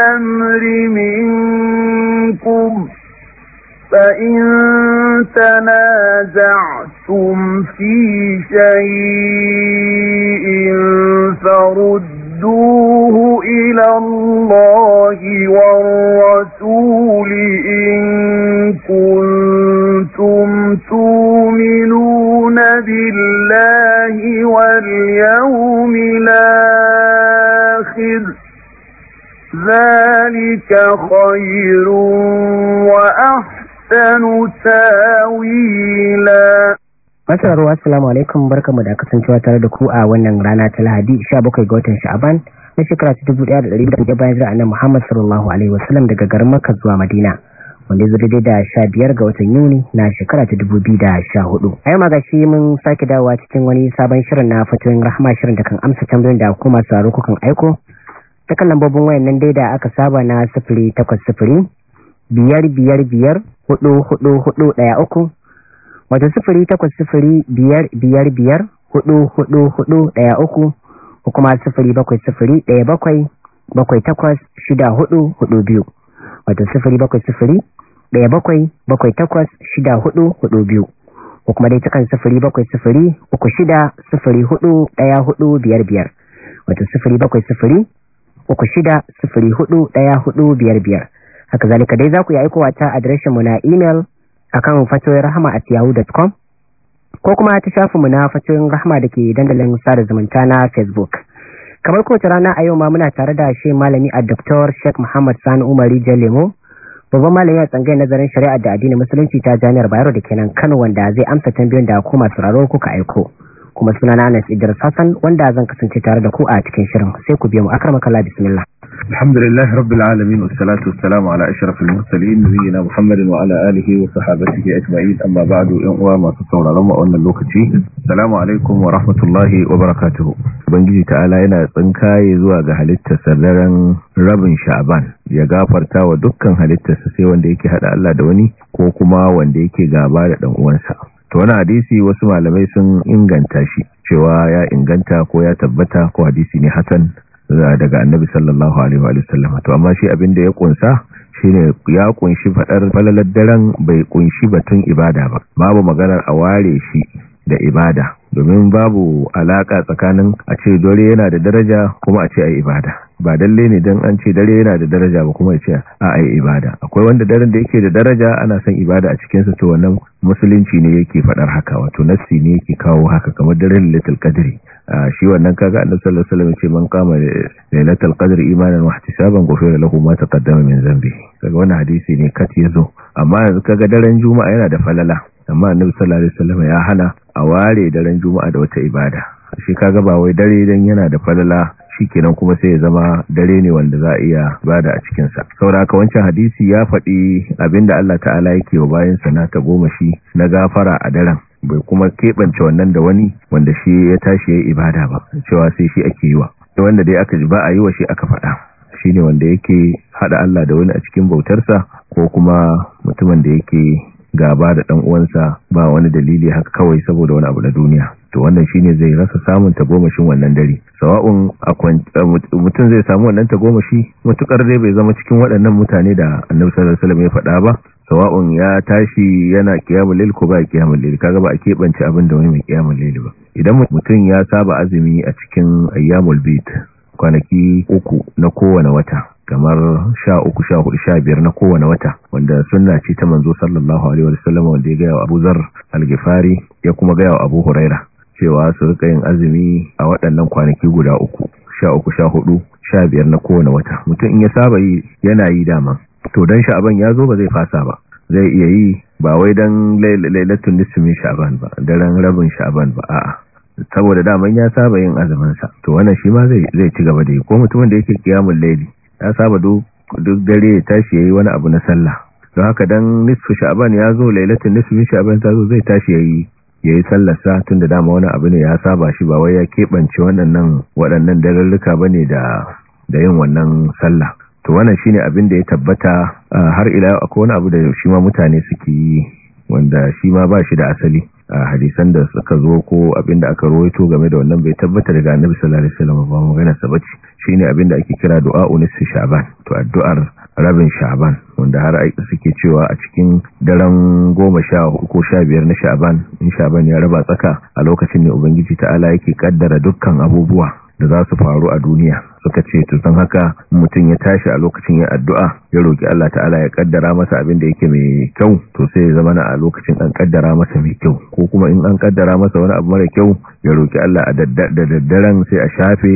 الأمر منكم فإن تنازعتم في شيء فردوه إلى الله والرسول إن كنتم تؤمنون بالله واليوم الآخر خير وأحسن تاويلا Masarar Masararwa Salamu alaikum barkamu da kasancewa tare da ku a wannan rana ta Lahadi 17 ga watan Sha'aban na shekara ta 1400 da bayan ra'anar Muhammad sallallahu alaihi wasallam daga garin Makka zuwa Madina wanda zai daidai da sha biyar ga watan Yuni na shekara ta dubu biyu da sha hudu. A yau magashi mun sake dawowa cikin wani sabon shirin na fatoyin rahama shirin da kan amsa tambayoyin da kuma tsaro kukan aiko ta kan lambobin wayan nan dai da aka saba na sifili takwas sifili biyar biyar biyar hudu hudu hudu daya uku wata sifili takwas sifili biyar biyar biyar hudu hudu hudu daya uku ko kuma bakwai sifili daya bakwai bakwai takwas shida hudu hudu biyu wata sifili bakwai sifili daya bakwai bakwai takwas shida hudu hudu biyu ko kuma dai takan sifiri bakwai sifiri uku shida sifiri hudu daya hudu biyar biyar wata sifiri bakwai sifiri biyar. haka zalika dai za ku yi aikowa ta adireshinmu na imel a kan fatoyin rahama at yahoo.com ko kuma ta shafinmu na fatoyin rahama da ke dandalin sada zumunta na facebook kamar kowace rana a yau ma muna tare da shi malami a dr sheikh muhammad sani umari lemo babban malami a tsangayin nazarin shari'a da addinin musulunci ta jami'ar bayero da kenan kano wanda zai amsa tambayoyin da kuma masu kuka aiko kuma sunana Anas Idris sassan, wanda zan kasance tare da ku a cikin shirin sai ku biyo mu akramaka la bismillah alhamdulillah rabbil alamin wassalatu wassalamu ala ashrafil mursalin nabiyina muhammadin wa ala alihi wa sahbihi ajma'in amma ba'du yan uwa masu sauraron mu a wannan lokaci assalamu alaikum wa rahmatullahi wa barakatuh ubangiji ta'ala yana tsinkaye zuwa ga halittarsa sararin rabin sha'ban ya gafarta wa dukkan halittarsa sai wanda yake hada Allah da wani ko kuma wanda yake gaba da dan uwansa to wani hadisi wasu malamai sun inganta shi cewa ya inganta ko ya tabbata ko hadisi ne hasan daga annabi sallallahu alaihi wa sallam to amma shi abin da ya kunsa shine ya kunshi fadar falalar daren bai kunshi batun ibada ba babu maganar a ware shi da ibada domin babu alaka tsakanin a ce dore yana da daraja kuma a ce ai ibada ba dalle ne don an ce dare yana da daraja ba kuma a ce a ai ibada akwai wanda daren da yake da daraja ana son ibada a cikinsa. to wannan musulunci ne yake faɗar haka wato nassi ne yake kawo haka kamar daren lailatul qadri shi wannan kaga annabi sallallahu alaihi wasallam ya ce man qama lailatul qadri imanan wa ihtisaban ghufira lahu ma taqaddama min dhanbihi kaga wannan hadisi ne kat yazo amma yanzu kaga daren juma'a yana da falala amma annabi sallallahu alaihi wasallam ya hana a ware daren juma'a da wata ibada shi kaga ba wai dare dan yana da falala shi kenan kuma sai ya zama dare ne wanda za a iya bada a cikin sa saboda wancan hadisi ya faɗi abinda Allah ta'ala yake wa bayan na, ta goma shi na gafara a daren bai kuma keɓance wannan da wani wanda shi ya tashi yayi ibada ba cewa sai shi ake yi wa wanda dai aka ji ba a yi wa shi aka faɗa shine wanda yake hada Allah da wani a cikin bautarsa ko kuma mutumin da yake gaba da dan uwansa ba wani dalili haka kawai saboda wani abu na duniya to wannan shine zai rasa samun tagomashin wannan dare sawa'un mutum zai samu wannan tagomashi mutukar dai bai zama cikin waɗannan mutane da annabi sallallahu alaihi wasallam ya faɗa ba sawa'un ya tashi yana kiyamul lil ko ba kiyamul lil kaga ba a kebance abin da wani mai kiyamul lil ba idan mutum ya saba azumi a cikin ayyamul bit, kwanaki uku na kowane wata kamar sha uku sha hudu sha biyar na kowane wata wanda sunna ce ta manzo sallallahu alaihi sallam wanda ya gaya wa Abu Zar al-Ghifari ya kuma gaya wa Abu Huraira cewa su rika yin azumi a waɗannan kwanaki guda uku sha uku sha hudu sha biyar na kowane wata mutum in ya saba yi yana yi dama to dan sha'aban ya zo ba zai fasa ba zai iya yi ba wai dan lailatul nisfin shaban ba daren rabin sha'aban ba a'a saboda daman ya saba yin azumin sa to wannan shi ma zai zai ci gaba da yi ko mutumin da yake kiyamul laili ya saba duk dare ya tashi ya yi wani abu na sallah don haka dan nisfu sha'ban ya zo lailatin nisfi sha'ban ta zo zai tashi ya yi sallar sa tunda dama wani abu ne ya saba shi ba wai ya keɓance waɗannan waɗannan ba ne da da yin wannan sallah to wannan shine abin da ya tabbata ah, har ila akwai wani abu da shi ma mutane suke yi wanda shi ma ba shi da asali A hadisan da suka zo ko abinda aka rawaito game da wannan bai tabbata daga annabi sallallahu alaihi wasallam ba magana sa bace shine da ake kira du'a unis sha'ban to addu'ar rabin sha'ban wanda har suke cewa a cikin daren 10 ko 15 na sha'ban in sha'ban ya raba tsaka a lokacin ne ubangiji ta'ala yake kaddara dukkan abubuwa da za su faru a duniya suka ce to don haka mutum ya tashi a lokacin ya addu'a ya roki Allah ta'ala ya kaddara masa abin da yake mai kyau to sai ya zama na a lokacin an kaddara masa mai kyau ko kuma in an kaddara masa wani abu mara kyau ya roki Allah a daddaren sai a shafe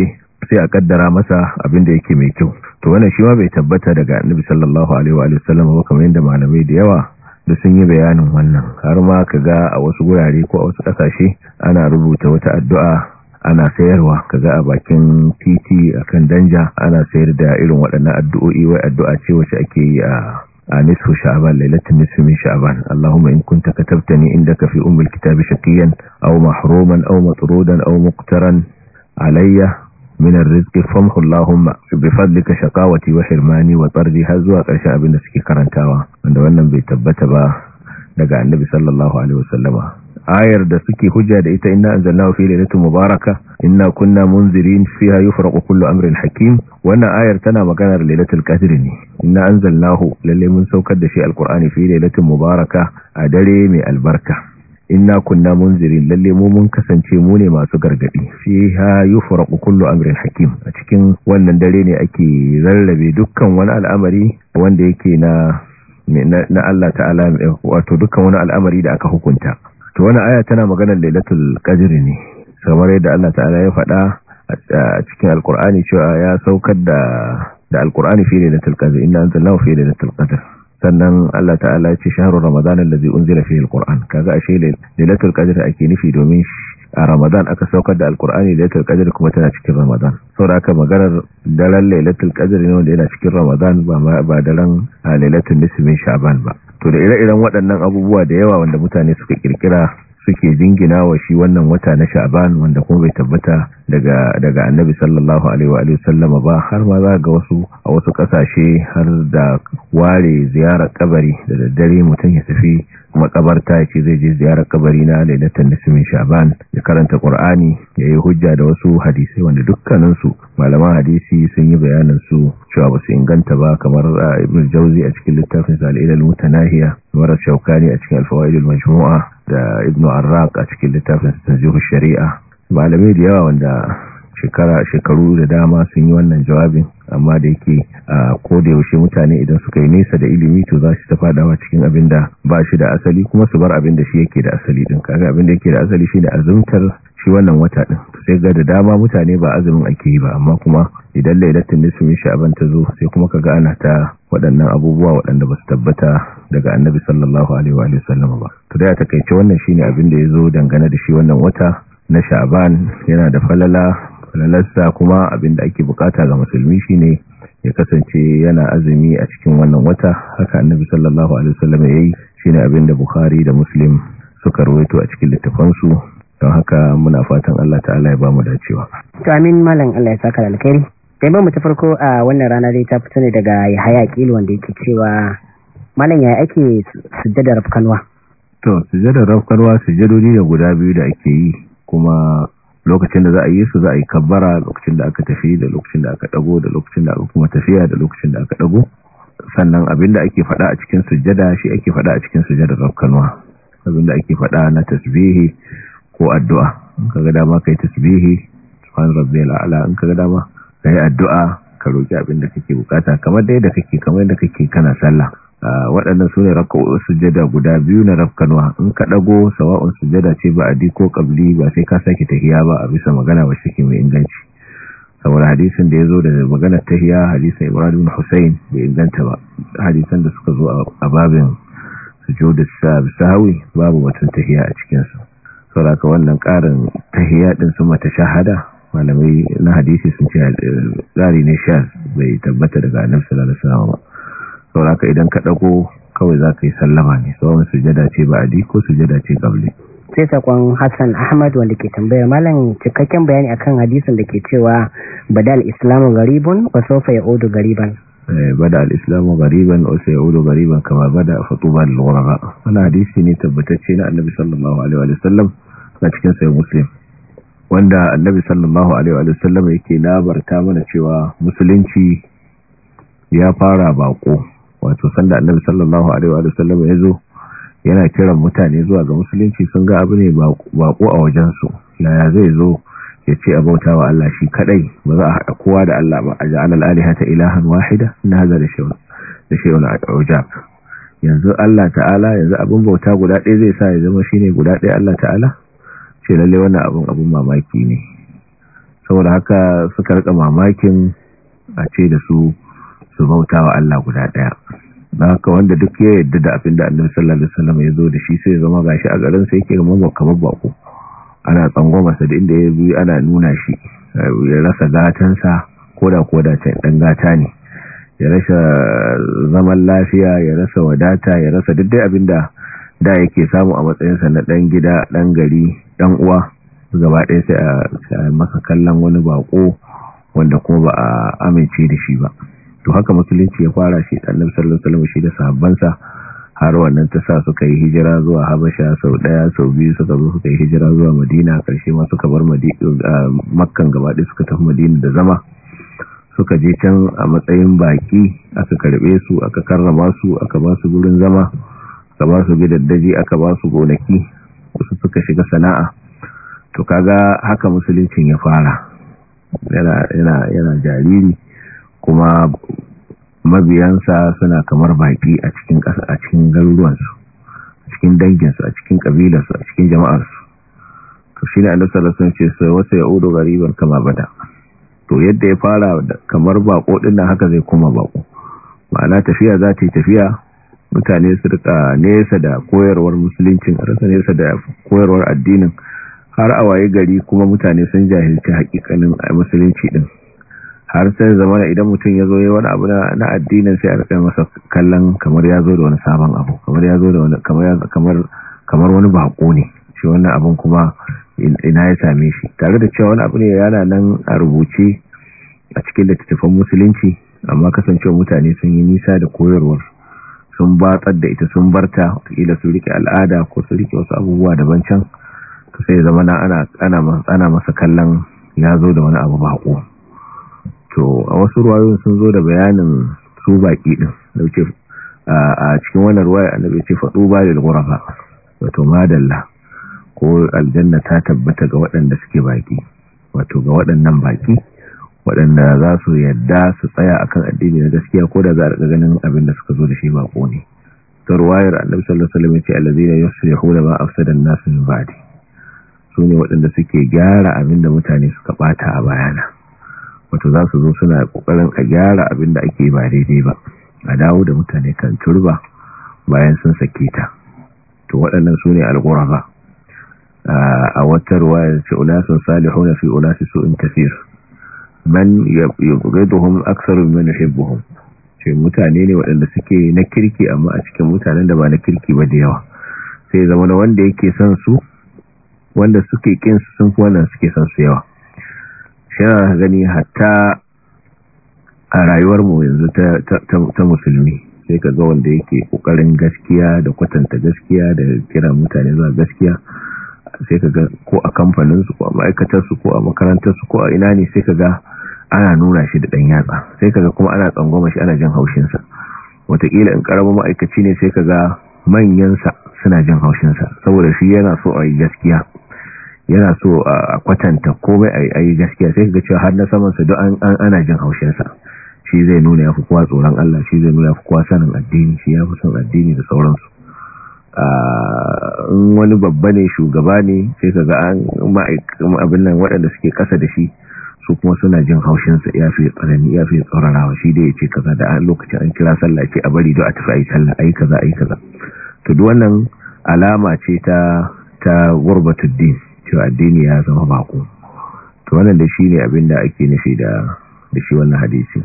sai a kaddara masa abin da yake mai kyau to wannan shi ma bai tabbata daga annabi sallallahu alaihi wa sallam ba kamar yadda malamai da yawa da sun yi bayanin wannan har ma ka ga a wasu gurare ko a wasu kasashe ana rubuta wata addu'a ana sayarwa kaga a bakin titi akan danja ana sayar da irin waɗannan addu'o'i wai addu'a ce wacce ake yi a a nisfu sha'ban lailatul sha'aban. min sha'ban allahumma in kunta katabtani indaka fi ummil kitabi shaqiyan aw mahruman aw matrudan aw muqtaran alayya min arrizqi famhu allahumma bi fadlika shaqawati wa hirmani wa tardi har zuwa karshe abin da suke karantawa wanda wannan bai tabbata ba daga annabi sallallahu alaihi wasallama ayar da suke hujja da ita inna anzalnahu fi lailatin mubaraka inna kunna munzirin fiha yufraqu kullu amrin hakim wannan ayar tana maganar lailatul qadr ne inna anzalnahu lalle mun saukar da shi alqur'ani fi lailatin mubaraka a dare mai albarka inna kunna munzirin lalle mu mun kasance mu ne masu gargadi fiha yufraqu kullu amrin hakim a cikin wannan dare ne ake rarrabe dukkan wani al'amari wanda yake na na Allah ta'ala wato dukkan wani al'amari da aka hukunta to wani aya tana maganar lailatul qadri ne kamar yadda Allah ta'ala ya faɗa a cikin alqur'ani cewa ya saukar da da alqur'ani fi lailatul qadri inna anzalnahu fi lailatul qadr sannan Allah ta'ala ya ce shahru ramadan allazi unzila fihi alqur'an kaga ashe lailatul qadri ake nufi domin a ramadan aka saukar da alqur'ani lailatul qadri kuma tana cikin ramadan saboda haka maganar daren lailatul qadri ne wanda yana cikin ramadan ba ba daren lailatul mai sha'ban ba to da ire-iren waɗannan abubuwa da yawa wanda mutane suka kirkira suke jingina wa shi wannan wata na sha'ban wanda kuma bai tabbata daga annabi sallallahu alaihi ba har ma za ga wasu a wasu kasashe har da ware ziyarar kabari da daddare mutum ya tafi makabarta ya ce zai je ziyarar kabari na lailatan nisfin sha'ban ya karanta ƙur'ani ya yi hujja da wasu hadisai wanda dukkaninsu malaman hadisi sun yi bayanin su cewa ba su inganta ba kamar ibn jauzi a cikin littafin al-ilal mutanahiya kamar shaukani a cikin al majmua da ibn arraq a cikin littafin tanzihu shari'a malamai da yawa wanda shekara shekaru da dama sun yi wannan jawabin amma da yake a kodayaushe yaushe mutane idan suka yi nesa da ilimi to za su ta faɗawa cikin abin da ba shi da asali kuma su bar abin da shi yake da asali din kaga abin da yake da asali shi ne azumtar shi wannan wata din sai ga da dama mutane ba azumin ake yi ba amma kuma idan lailatul nisfi sha'aban ta zo sai kuma kaga ana ta waɗannan abubuwa waɗanda ba su tabbata daga annabi sallallahu alaihi wa sallam ba to da ya takaice wannan shine abin da ya zo dangane da shi wannan wata na sha'ban yana da falala falalarsa kuma abinda ake bukata ga musulmi shine ya kasance yana azumi a cikin wannan wata haka annabi sallallahu alaihi wasallam yayi shine abinda bukhari da muslim suka rawaito a cikin littafansu don haka muna fatan Allah ta'ala ya bamu dacewa Tamin amin malam Allah ya saka alkhairi sai ba mu ta farko a wannan rana dai ta fito ne daga Yahaya Kil wanda yake cewa malam ya ake sujjadar rafkanwa to sujjadar rafkanwa sujjadodi da guda biyu da ake yi kuma lokacin da za a yi su za a yi kabbara lokacin da aka tafi da lokacin da aka dago da lokacin da aka kuma tafiya da lokacin da aka dago sannan abinda ake fada a cikin sujjada shi ake fada a cikin sujjada rakkanwa abinda ake fada na tasbihi ko addu'a in kaga dama kai tasbihi subhan rabbil a'la in kaga dama kai addu'a ka roki abinda kake bukata kamar dai da kake kamar yadda kake kana sallah Ah, waɗannan su ne sujjada guda biyu na rafkanuwa in ka ɗago sawa'un sujada ce ba adi ko ƙabli ba sai ka sake tahiya ba a bisa magana wacce ke mai inganci saboda hadisin da ya zo da magana tahiya hadisin ibrahim hussein bai inganta ba hadisan da suka zo a babin bisa sahawi babu batun tahiya a cikinsu saboda wannan ƙarin tahiya ɗin su mata shahada malamai na hadisi sun ce eh, tsari ne sha bai tabbata daga annabi sallallahu alaihi wasallam ba sauraka idan ka dago kawai za ka yi sallama ne tsawon sujada ce ba'adi ko sujada ce gabli sai sakon Hassan Ahmad wanda ke tambayar malam cikakken bayani akan hadisin da ke cewa badal islamu eh, Gariban wa ya yaudu gariban bada al-islamu gariban wa odu gariban kama bada fatuba lura ghuraba hadisi ne tabbatacce na annabi sallallahu alaihi wa sallam a cikin sai muslim wanda annabi sallallahu alaihi wa sallam yake labarta mana cewa musulunci ya fara bako wato sanda annabi sallallahu alaihi wa sallam ya zo yana kiran mutane zuwa ga musulunci sun ga abu ne bako a wajen wajensu yaya zai zo ya ce abautawa bautawa Allah shi kadai ba za a haɗa kowa da Allah ba a ja'alal alihata ilahan wahida na hadha da shay'un la shay'un na yanzu Allah ta'ala yanzu abin bauta guda ɗaya zai sa ya zama shine guda ɗaya Allah ta'ala ce lalle wannan abun abin mamaki ne saboda haka suka rika mamakin a ce da su su bauta wa Allah guda ɗaya na haka wanda duk ya yadda da abin da annabi sallallahu alaihi wasallam ya zo da shi sai zama gashi a garin sai yake mamman kamar bako ana tsango masa da inda ya bi ana nuna shi ya rasa gatansa koda koda ta dan gata ne ya rasa zaman lafiya ya rasa wadata ya rasa duk dai abin da da yake samu a matsayin sa na dan gida dan gari dan uwa gaba ɗaya sai a maka kallon wani bako wanda ko ba a amince da shi ba to haka musulunci ya fara shi annabi sallallahu alaihi wasallam shi da sahabbansa har wannan ta sa suka yi hijira zuwa habasha sau daya sau biyu suka zo suka yi hijira zuwa madina karshe ma suka bar makkan gabaɗaya suka tafi madina da zama suka je can a matsayin baki aka karbe su aka karrama su aka ba su gurin zama aka ba su gidaddaji aka ba su gonaki wasu suka shiga sana'a to kaga haka musulunci ya fara yana jariri kuma mabiyansa suna kamar baki a cikin ƙasa a cikin garuruwansu a cikin danginsu a cikin ƙabilarsu a cikin jama'arsu to shi ne a nasarar sun ce sai wata yaudu gariban kama bada to yadda ya fara kamar bako din nan haka zai koma bako ma'ana tafiya za ta yi tafiya mutane su rika nesa da koyarwar musuluncin rasa nesa da koyarwar addinin har a waye gari kuma mutane sun jahilci hakikanin musulunci din har sai zama da idan mutum ya zo ya wani abu na addinin sai a rika masa kallon kamar ya zo da wani sabon abu kamar ya zo da wani kamar wani bako ne shi wannan abin kuma ina ya same shi tare da cewa wani abu ne yana nan a rubuce a cikin littattafan musulunci amma kasancewa mutane sun yi nisa da koyarwar sun batsar da ita sun barta kila su rike al'ada ko su rike wasu abubuwa daban can to sai zama ana ana masa kallon ya zo da wani abu bako to a wasu ruwayoyin sun zo da bayanin su baki din dauke a cikin wannan ruwaya annabi ce fadu ba da gurafa wato madalla ko aljanna ta tabbata ga waɗanda suke baki wato ga waɗannan baki waɗanda za su yadda su tsaya akan addini na gaskiya ko da za a ganin abin da suka zo da shi bako ne ta ruwayar annabi sallallahu alaihi wasallam ya ce allazina yuslihuna ma afsada an-nas min ba'di sune waɗanda suke gyara abin da mutane suka bata a bayana wato za su zo suna kokarin a gyara abin da ake ba daidai ba a dawo da mutane kan turba bayan sun sake ta to waɗannan su ne alƙuraba a wata ruwayar ce Ulasun salihu na fi unasun su'in tafiyar, man ya aksar aktsaru mimman yuhibbuhum ce mutane ne waɗanda suke na kirki amma a cikin mutanen da ba na kirki ba da yawa sai zama wanda yake son su wanda suke kinsu sun fi wannan suke son su yawa yana gani hatta a rayuwarmu yanzu ta musulmi sai ka zo wanda yake kokarin gaskiya da kwatanta gaskiya da kira mutane zuwa gaskiya sai ka ga ko a kamfaninsu ko a ma'aikatarsu ko a makarantarsu ko a ina ne sai ka ga ana nuna shi da ɗan yatsa sai kaga kuma ana tsangoma shi ana jin haushinsa wataƙila in ƙaramin ma'aikaci ne sai kaga manyansa suna jin haushinsa saboda shi yana so a yi gaskiya yana so a kwatanta komai a yi gaskiya sai ga cewa har na samansa don ana jin haushinsa shi zai nuna ya fi kuwa tsoron Allah shi zai nuna ya fi kuwa sanin addini shi ya fi son addini da sauransu in wani babba ne shugaba ne sai ka ga an abin nan waɗanda suke kasa da shi su kuma suna jin haushinsa ya fi tsanani ya fi tsoronawa shi dai ya ce kaza da lokacin an kira sallah ke a bari don a tafi a yi sallah a kaza a yi kaza to duk wannan alama ce ta ta cewa addini ya zama bako to wannan da shine abin da ake nufi da da shi wannan hadisi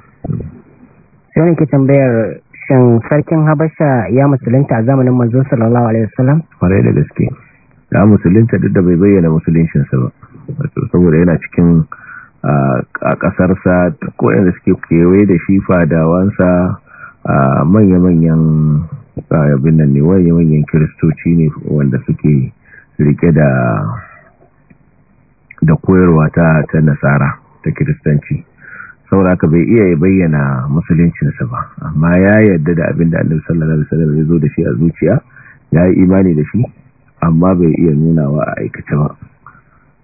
sai ne ke tambayar shin sarkin habasha ya musulunta a zamanin manzon sallallahu alaihi wasallam kwarai da gaske da musulunta duk da bai bayyana musuluncinsa ba wato saboda yana cikin a sa ko yanda suke kewaye da shi fadawansa a manya-manyan tsayabin nan ne manya-manyan kiristoci ne wanda suke rike da da koyarwa ta ta nasara ta kiristanci saboda ka bai iya bayyana musuluncinsa ba amma ya yarda da abin da annabi sallallahu alaihi wasallam ya zo da shi a zuciya ya yi imani da shi amma bai iya nunawa a aikace ba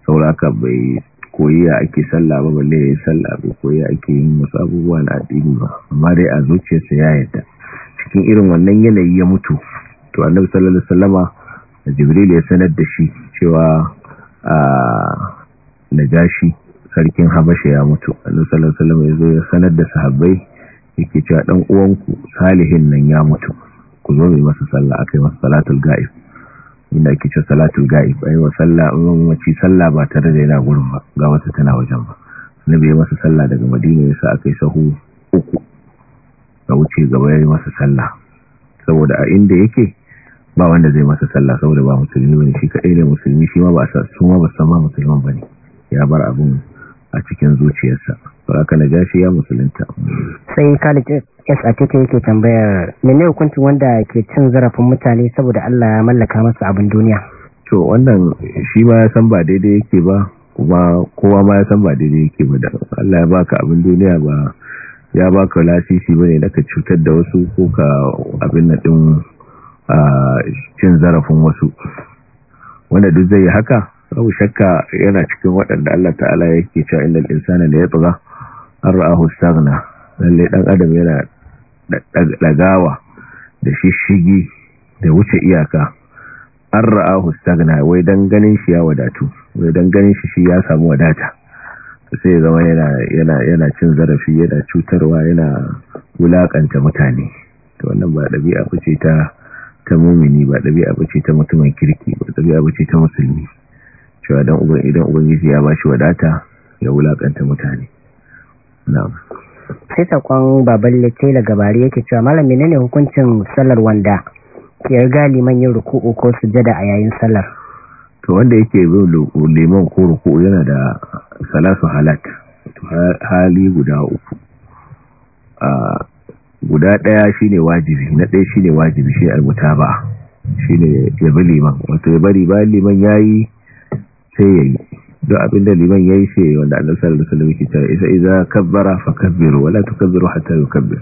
saboda ka bai koyi ya ake sallah ba balle ya yi sallah bai koyi ya ake yin wasu na addini ba amma dai a zuciyarsa ya yarda cikin irin wannan yanayi ya mutu to annabi sallallahu alaihi wasallama jibril ya sanar da shi cewa ah, najashi sarkin habasha ya mutu annabi sallallahu alaihi wasallam ya sanar da sahabbai yake cewa dan uwanku salihin nan ya mutu ku zo mai masa sallah akai masa salatul ga'ib inda ake cewa salatul a yi wa sallah mun sallah ba tare da yana gurin ba ga wata tana wajen ba annabi ya masa sallah daga madina ya sa akai sahu uku da wuce gaba ya yi masa sallah saboda a inda yake ba wanda zai masa sallah saboda ba musulmi ne shi kadai ne musulmi shi ma ba a sa su ma ba san ma musulman bane ya bar abin a cikin zuciyarsa Ba haka na gashi ya musulunta sai khalid s a yake tambayar mene hukuncin wanda ke cin zarafin mutane saboda allah ya mallaka masa abin duniya to wannan shi ma ya san ba daidai yake ba kuma kowa ma ya san ba daidai yake ba da allah ya baka abin duniya ba ya baka lasisi ba ne daga cutar da wasu ko ka abin na ɗin ah, cin zarafin wasu wanda duk zai haka babu shakka yana cikin waɗanda Allah ta'ala yake cewa innal insana ya tsaga an ra'ahu istaghna lalle dan adam yana ɗagawa, da shishigi da wuce iyaka an ra'ahu istaghna wai dan ganin shi ya wadatu wai dan ganin shi shi ya samu wadata sai zama yana cin zarafi yana cutarwa yana wulakanta mutane to wannan ba dabi'a bace ta ta mumini ba dabi'a bace ta mutumin kirki ba dabi'a bace ta musulmi cewa dan uban idan ubangiji ya bashi wadata ya wulakanta mutane sai sakon Babal da daga bari yake cewa malam ne hukuncin sallar wanda ke riga liman yin ruku'u ko sujada a yayin sallar to wanda yake zuwa liman ko ruku'u yana da salasu halat hali guda uku guda ɗaya shine wajibi na ɗaya shine wajibi shi almutaba shine ya bi liman wato ya bari bayan liman ya yi. sai yayi duk da liman yayi sai wanda Allah sallallahu alaihi wasallam yake cewa idza idza kabbara fakabbiru wala tukabbiru hatta yukabbir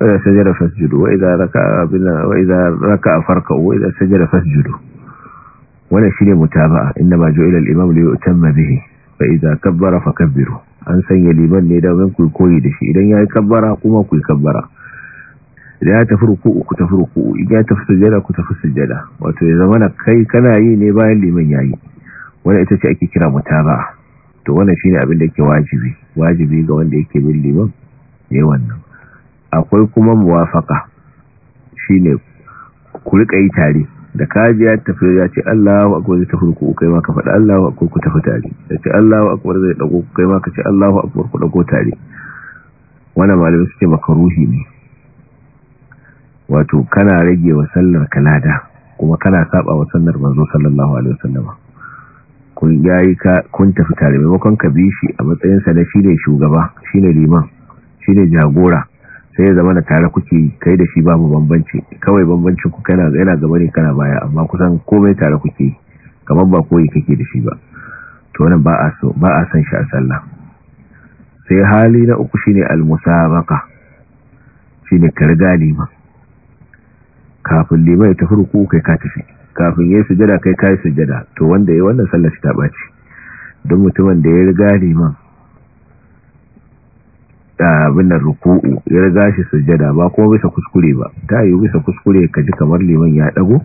wa idza sajada fasjudu wa idza raka'a bina wa idza raka'a farka'u wa idza sajada fasjudu wannan shine mutaba'a inna ma ju'ila al-imam li yutamma bihi fa idza kabbara fakabbiru an sanya liman ne da ban ku koyi da shi idan yayi kabbara kuma ku kabbara idan ta tafi ku ta ruku'u idan ta tafi sujada ku ta sujada wato ya zama kai kana yi ne bayan liman yayi wanda ita ce ake kira mutaba'a to wannan shi abin da yake wajibi wajibi ga wanda yake bin liman ne wannan akwai kuma muwafaka shi ku rika yi tare da kaji ta tafi ya ce Allahu Akwai zai tafi ku kai ma ka allah Allahu Akwai ku tafi tare da ce Allahu akwai zai ɗago ku kai ma ce allah Allahu akwai ku ɗago tare Wani malamin suke ruhi ne wato kana rage wa sallar kanada, kuma kana saba wa sallar manzo sallallahu alaihi wasallama kun yayi ka kun tafi tare maimakon ka bi shi a matsayin sa na shine shugaba shine liman shine jagora sai ya zama da tare kuke kai da shi babu bambanci kawai bambancin ku kana yana gaba ne kana baya amma kusan komai tare kuke kamar ba koyi kake da shi ba to wannan ba a so ba a san shi a sallah sai hali na uku shine al-musabaqa shine karga riga liman kafin liman ya tafi ruku kai ka tafi kafin ya sujada kai kai sujada to wanda ya wannan sallar shi ta baci don mutumin da ya riga liman abin da ruku'u ya riga shi sujada ba kuma bisa kuskure ba ta yi bisa kuskure ka ji kamar liman ya dago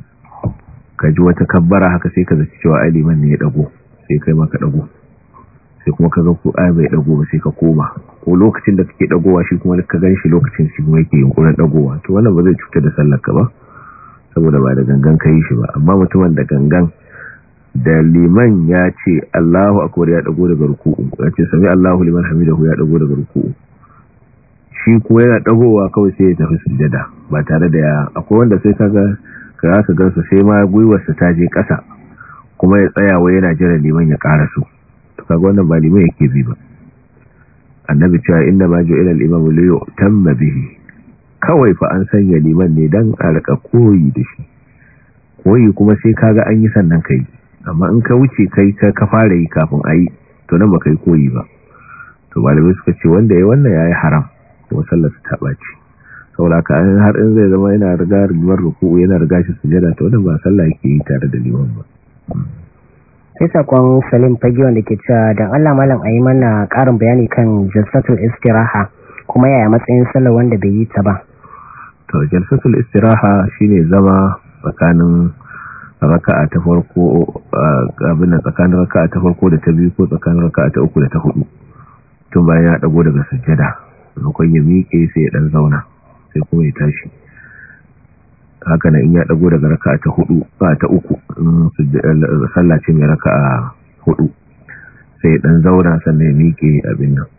ka ji wata kabbara haka sai ka zaci cewa ai liman ne ya dago sai kai ma ka dago sai kuma ka ga ku ai bai dago ba sai ka koma ko lokacin da kake ɗagowa, shi kuma ka gan shi lokacin shi kuma yake yunkurin ɗagowa. to wannan ba zai cuta da sallar ka ba saboda ba da gangan ka yi shi ba amma mutumin da gangan da liman ya ce Allahu da ya dago daga ruku'u ya ce sami Allahu liman hamidahu ya dago daga ruku'u shi ko yana dagowa kawai sai ya tafi sujjada ba tare da ya akwai wanda sai kaga ka ka gansa sai ma gwiwarsa ta je kasa kuma ya tsaya wai yana jira liman ya kara to kaga wannan ba liman yake bi ba annabi cewa inna ma ju'ila al-imamu li tamma bihi kawai fa an sanya liman ne don a rika koyi da shi koyi kuma sai kaga an yi sannan kai amma in ka wuce kai ka fara yi kafin a yi to nan ba yi koyi ba to malamai suka ce wanda ya wannan ya yi haram kuma sallar su taɓa ce saboda ka an har in zai zama yana riga rigimar ruku, yana riga shi sujada to wannan ba sallah yake yi tare da liman ba sai sakon salim fagi wanda ke cewa don allah malam a yi mana karin bayani kan jinsatul istiraha kuma yaya matsayin sallar wanda bai yi ta ba to jalsatul istiraha shine zama tsakanin raka'a ta farko abin tsakanin raka'a ta farko da ta biyu ko tsakanin raka'a ta uku da ta hudu tun bayan ya dago daga sujjada lokacin ya miƙe sai ya dan zauna sai kuma ya tashi haka nan in ya dago daga raka'a ta hudu ba ta uku eh, sallah ce mai raka'a hudu sai dan zauna sannan ya miƙe abin nan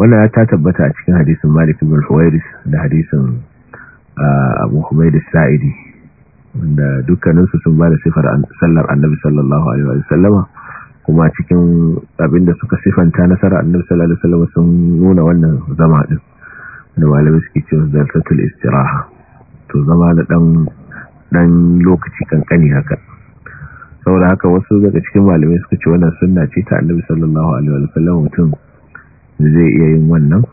wannan ya ta tabbata a cikin hadisin Malik ibn Huwairis da hadisin abu da sa'idi wanda dukkaninsu sun ba da sifar sallar annabi sallallahu alaihi wa sallama kuma cikin abinda suka sifanta nasarar annabi sallallahu alaihi wasallam sun nuna wannan zama din da malamai suke cewa zartatul istiraha to zama da dan dan lokaci kankani haka saboda haka wasu daga cikin malamai suka ce wannan sunna ce ta annabi sallallahu alaihi wasallam mutum zai iya yin wannan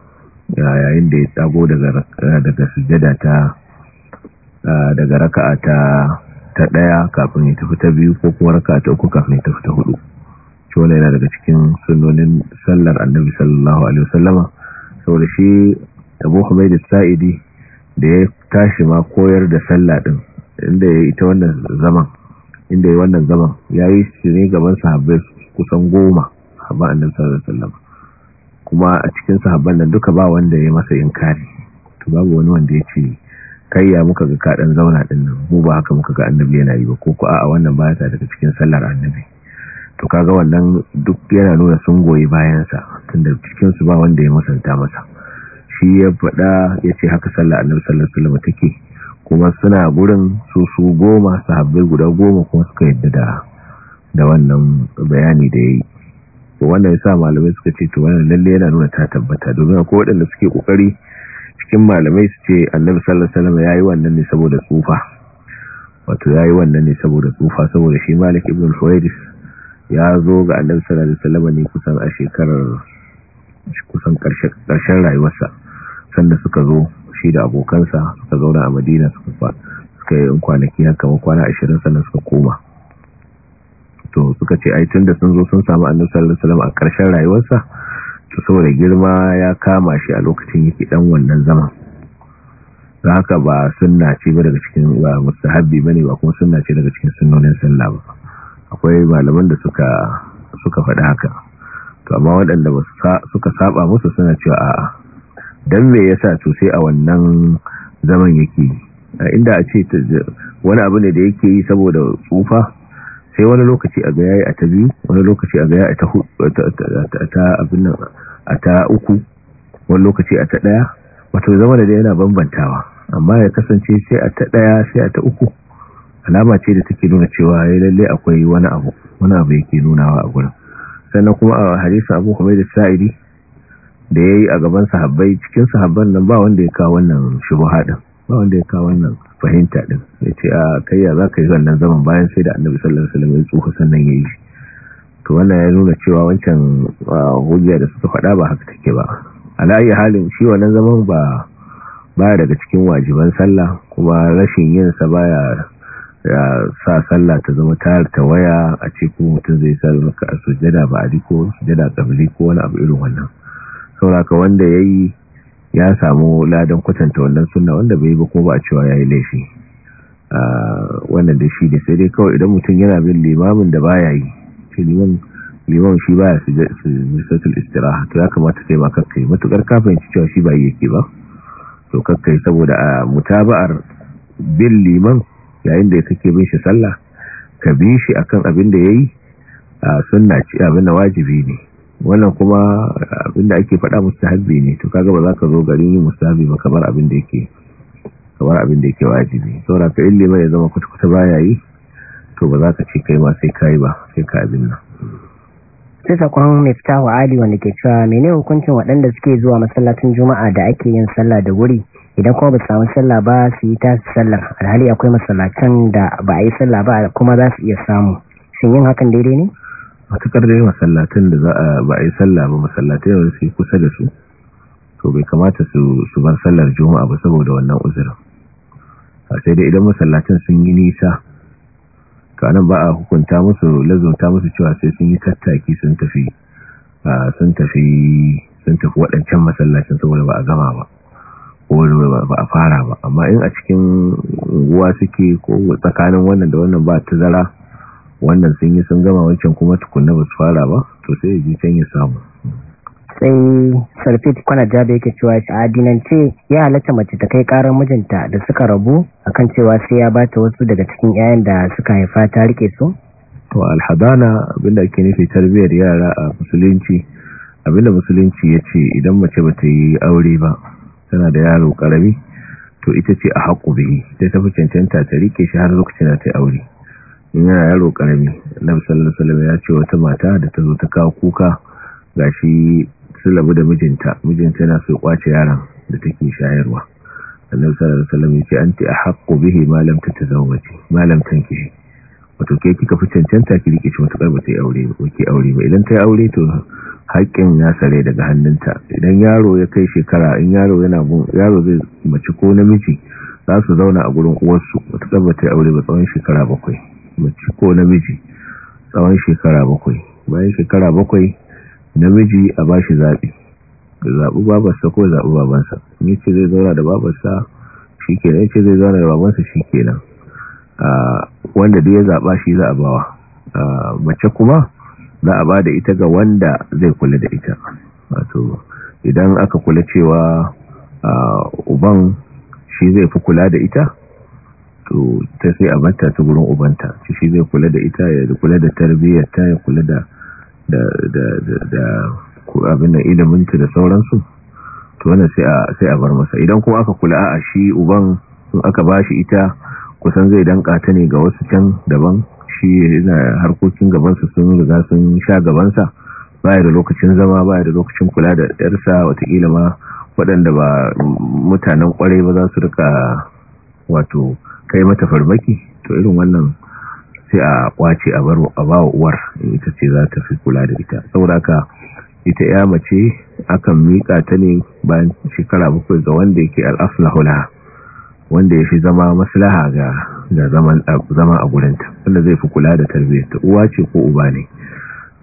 yayin da ya tsago daga eh, sujada ta eh, daga raka'a ta ta daya kafin ya tafi ta biyu ko kuma raka'a ta uku kafin ya tafi ta hudu cewa yana daga cikin sunnonin sallar annabi sallallahu alaihi wasallama saboda shi abu da sa'idi da ya tashi ma koyar da sallah din inda ya ita wannan zaman inda ya wannan zaman ya yi shi ne gaban sahabbai kusan goma haɓa annabi sallallahu alaihi wasallama kuma a cikin sahabban nan duka ba wanda ya masa yin inkari to babu wani wanda ya ce kai ya muka ga kaɗan zauna din nan mu ba haka muka ga annabi yana yi ba ko ku a wannan ba ta daga cikin sallar annabi to kaga wannan duk yana nuna sun goyi bayansa tunda cikin su ba wanda ya musanta masa shi ya faɗa ya ce haka sallar annabi alaihi wasallam take kuma suna gurin su su goma sahabbai guda goma kuma suka yadda da da wannan bayani da yayi ya sa malamai suka ce to wannan lalle yana nuna ta tabbata domin akwai waɗanda suke kokari cikin malamai su ce annabi sallallahu alaihi wasallam yayi wannan ne saboda tsufa wato yayi wannan ne saboda tsufa saboda shi Malik ibn al-khuwaydis ya zo ga annabi sallallahu alaihi wasallam ne kusan a shekarar kusan karshen rayuwarsa sanda suka zo shi da abokansa suka zauna a Madina suka suka yi kwanaki haka kwana 20 sannan suka koma to suka ce ai da sun zo sun samu annabi sallallahu alaihi wasallam a ƙarshen rayuwarsa to saboda girma ya kama shi a lokacin yake dan wannan zama da haka ba sunna ce ba daga cikin ba mustahabbi bane ba kuma sunna ce daga cikin sunnonin sallah ba akwai malaman da suka suka faɗi haka to amma waɗanda suka saba musu suna cewa a'a dan me yasa to sai a wannan zaman yake inda a ce wani abu ne da yake yi saboda tsufa sai wani lokaci a ga yayi a ta biyu wani lokaci a ga yayi a ta abin nan a ta uku wani lokaci a ta daya wato zama da yana bambantawa amma ya kasance sai a ta daya sai a ta uku alama ce da take nuna cewa ya eh lalle akwai wani abu wani abu yake nunawa a gurin sannan kuma a hadisi abu kuma da sa'idi da yayi a gaban sahabbai cikin sahabban nan ba wanda ya kawo wannan shubha din ba wanda ya kawo wannan fahimta din ya ce a ah, kai ya za ka yi wannan zaman bayan sai da annabi sallallahu alaihi wasallam ya tsufa sannan ya yi to wannan ya nuna cewa wancan hujja da suka faɗa ba haka take ba ala halin shi wannan zaman ba baya daga cikin wajiban sallah kuma rashin yin sa baya ya sa sallah ta zama tayar ta waya a ce ko mutum zai sa raka a sujada ba a ko sujada kabili ko wani abu irin wannan sauraka wanda ya yi ya samu ladan kwatanta wannan sunna wanda bai ba ko ba a cewa yayi laifi ah, wannan da shi da sai dai kawai idan mutum yana bin limamin da baya yi shi liman liman shi baya sujjatul istiraha to ya kamata kai ma kakkai matukar kafin ci cewa shi ba yake ba to kakkai saboda a mutaba'ar bin liman yayin da kake bin shi sallah ka bi shi akan abin da yayi sunna ci abin da wajibi ne wannan kuma abinda ake faɗa mustahabbi ne to kaga ba za ka zo gari mustahabbi ba kamar abin da yake kamar abin da yake wajibi saboda ka ille mai zama kuta-kuta ba baya yi to ba za ka ce kai ma sai kai ba sai ka abin nan sai sakon fita wa ali wanda ke cewa mene hukuncin waɗanda suke zuwa masallacin juma'a da ake yin sallah da wuri idan kuma ba su samu sallah ba su yi tasu sallar alhali akwai masallacin da ba a yi sallah ba kuma za su iya samu shin yin hakan daidai ne matakar yi masallatun da za a ba a yi sallah ba masallatai wanda suke kusa da su to bai kamata su bar sallar juma'a ba saboda wannan uzurin a sai dai idan masallatun sun yi nisa to anan ba a hukunta musu lazauta musu cewa sai sun yi tattaki sun tafi sun tafi waɗancan masallacin saboda ba a gama ba ko ba a fara ba amma in a cikin unguwa suke ko tsakanin wannan da wannan ba tazara wannan sun yi sun gama wancan kuma tukunna ba su fara ba to sai yaji can ya samu sai sarfit kwana jabe yake cewa shi adinance ya halatta mace ta kai karar mijinta da suka rabu a kan cewa sai ya bata wasu daga cikin yayan da suka haifa ta rike su to alhadana abinda ake nufi tarbiyyar yara a musulunci abinda musulunci ya ce idan mace ba ta yi aure ba tana da yaro karami to ita ce a haƙu bihi ta fi cancanta ta rike shi har lokacin da ta yi aure yana yaro karami annabi sallallahu ya ce wata mata da ta zo ta kawo kuka ga shi sulabu da mijinta mijinta yana so kwace yaron da take shayarwa annabi sallallahu alaihi wasallam ya ce haƙo bihe malamta ta zama tatazawwaji ma ki shi wato ke kika fi cancanta ki rikici shi ba ta yi aure ba ki aure ba idan ta yi aure to haƙƙin ya sare daga hannunta idan yaro ya kai shekara in yaro yana gun yaro zai mace ko namiji za su zauna a gurin uwarsu matuƙar ba ta yi aure ba tsawon shekara bakwai mace ko namiji tsawon shekara bakwai bayan shekara bakwai namiji a ba shi zaɓi zaɓi babarsa ko zaɓi babarsa ya ce zai zauna da babarsa shi kenan ya ce zai zauna da babarsa? shi kenan ah, wanda duk ya zaɓa shi za a bawa ah, mace kuma za a ba da ita ga wanda zai kula da ita wato idan aka kula cewa ah, uban shi zai fi kula da ita so ta sai a bata ta gurin ubanta shi zai kula da ita ya kula da tarbiyyar ta ya kula da da abin da iliminta da sauransu to wannan sai a bar masa idan kuma aka kula a shi uban in aka bashi ita kusan zai danka ta ne ga wasu can daban shi yana harkokin gabansa sun riga sun sha gabansa baya da lokacin zama baya da lokacin kula da yarsa watakila ma waɗanda ba mutanen kwarai ba za su rika wato kai mata farmaki to irin wannan sai a kwace a bar a bawa uwar ita ce za ta fi kula da ita sauraka ita ya mace akan mika ta ne bayan shekara bakwai ga wanda yake al'aflahula wanda ya fi zama maslaha ga da zama a gurinta wanda zai fi kula da tarbiyyar ta uwa ce ko uba ne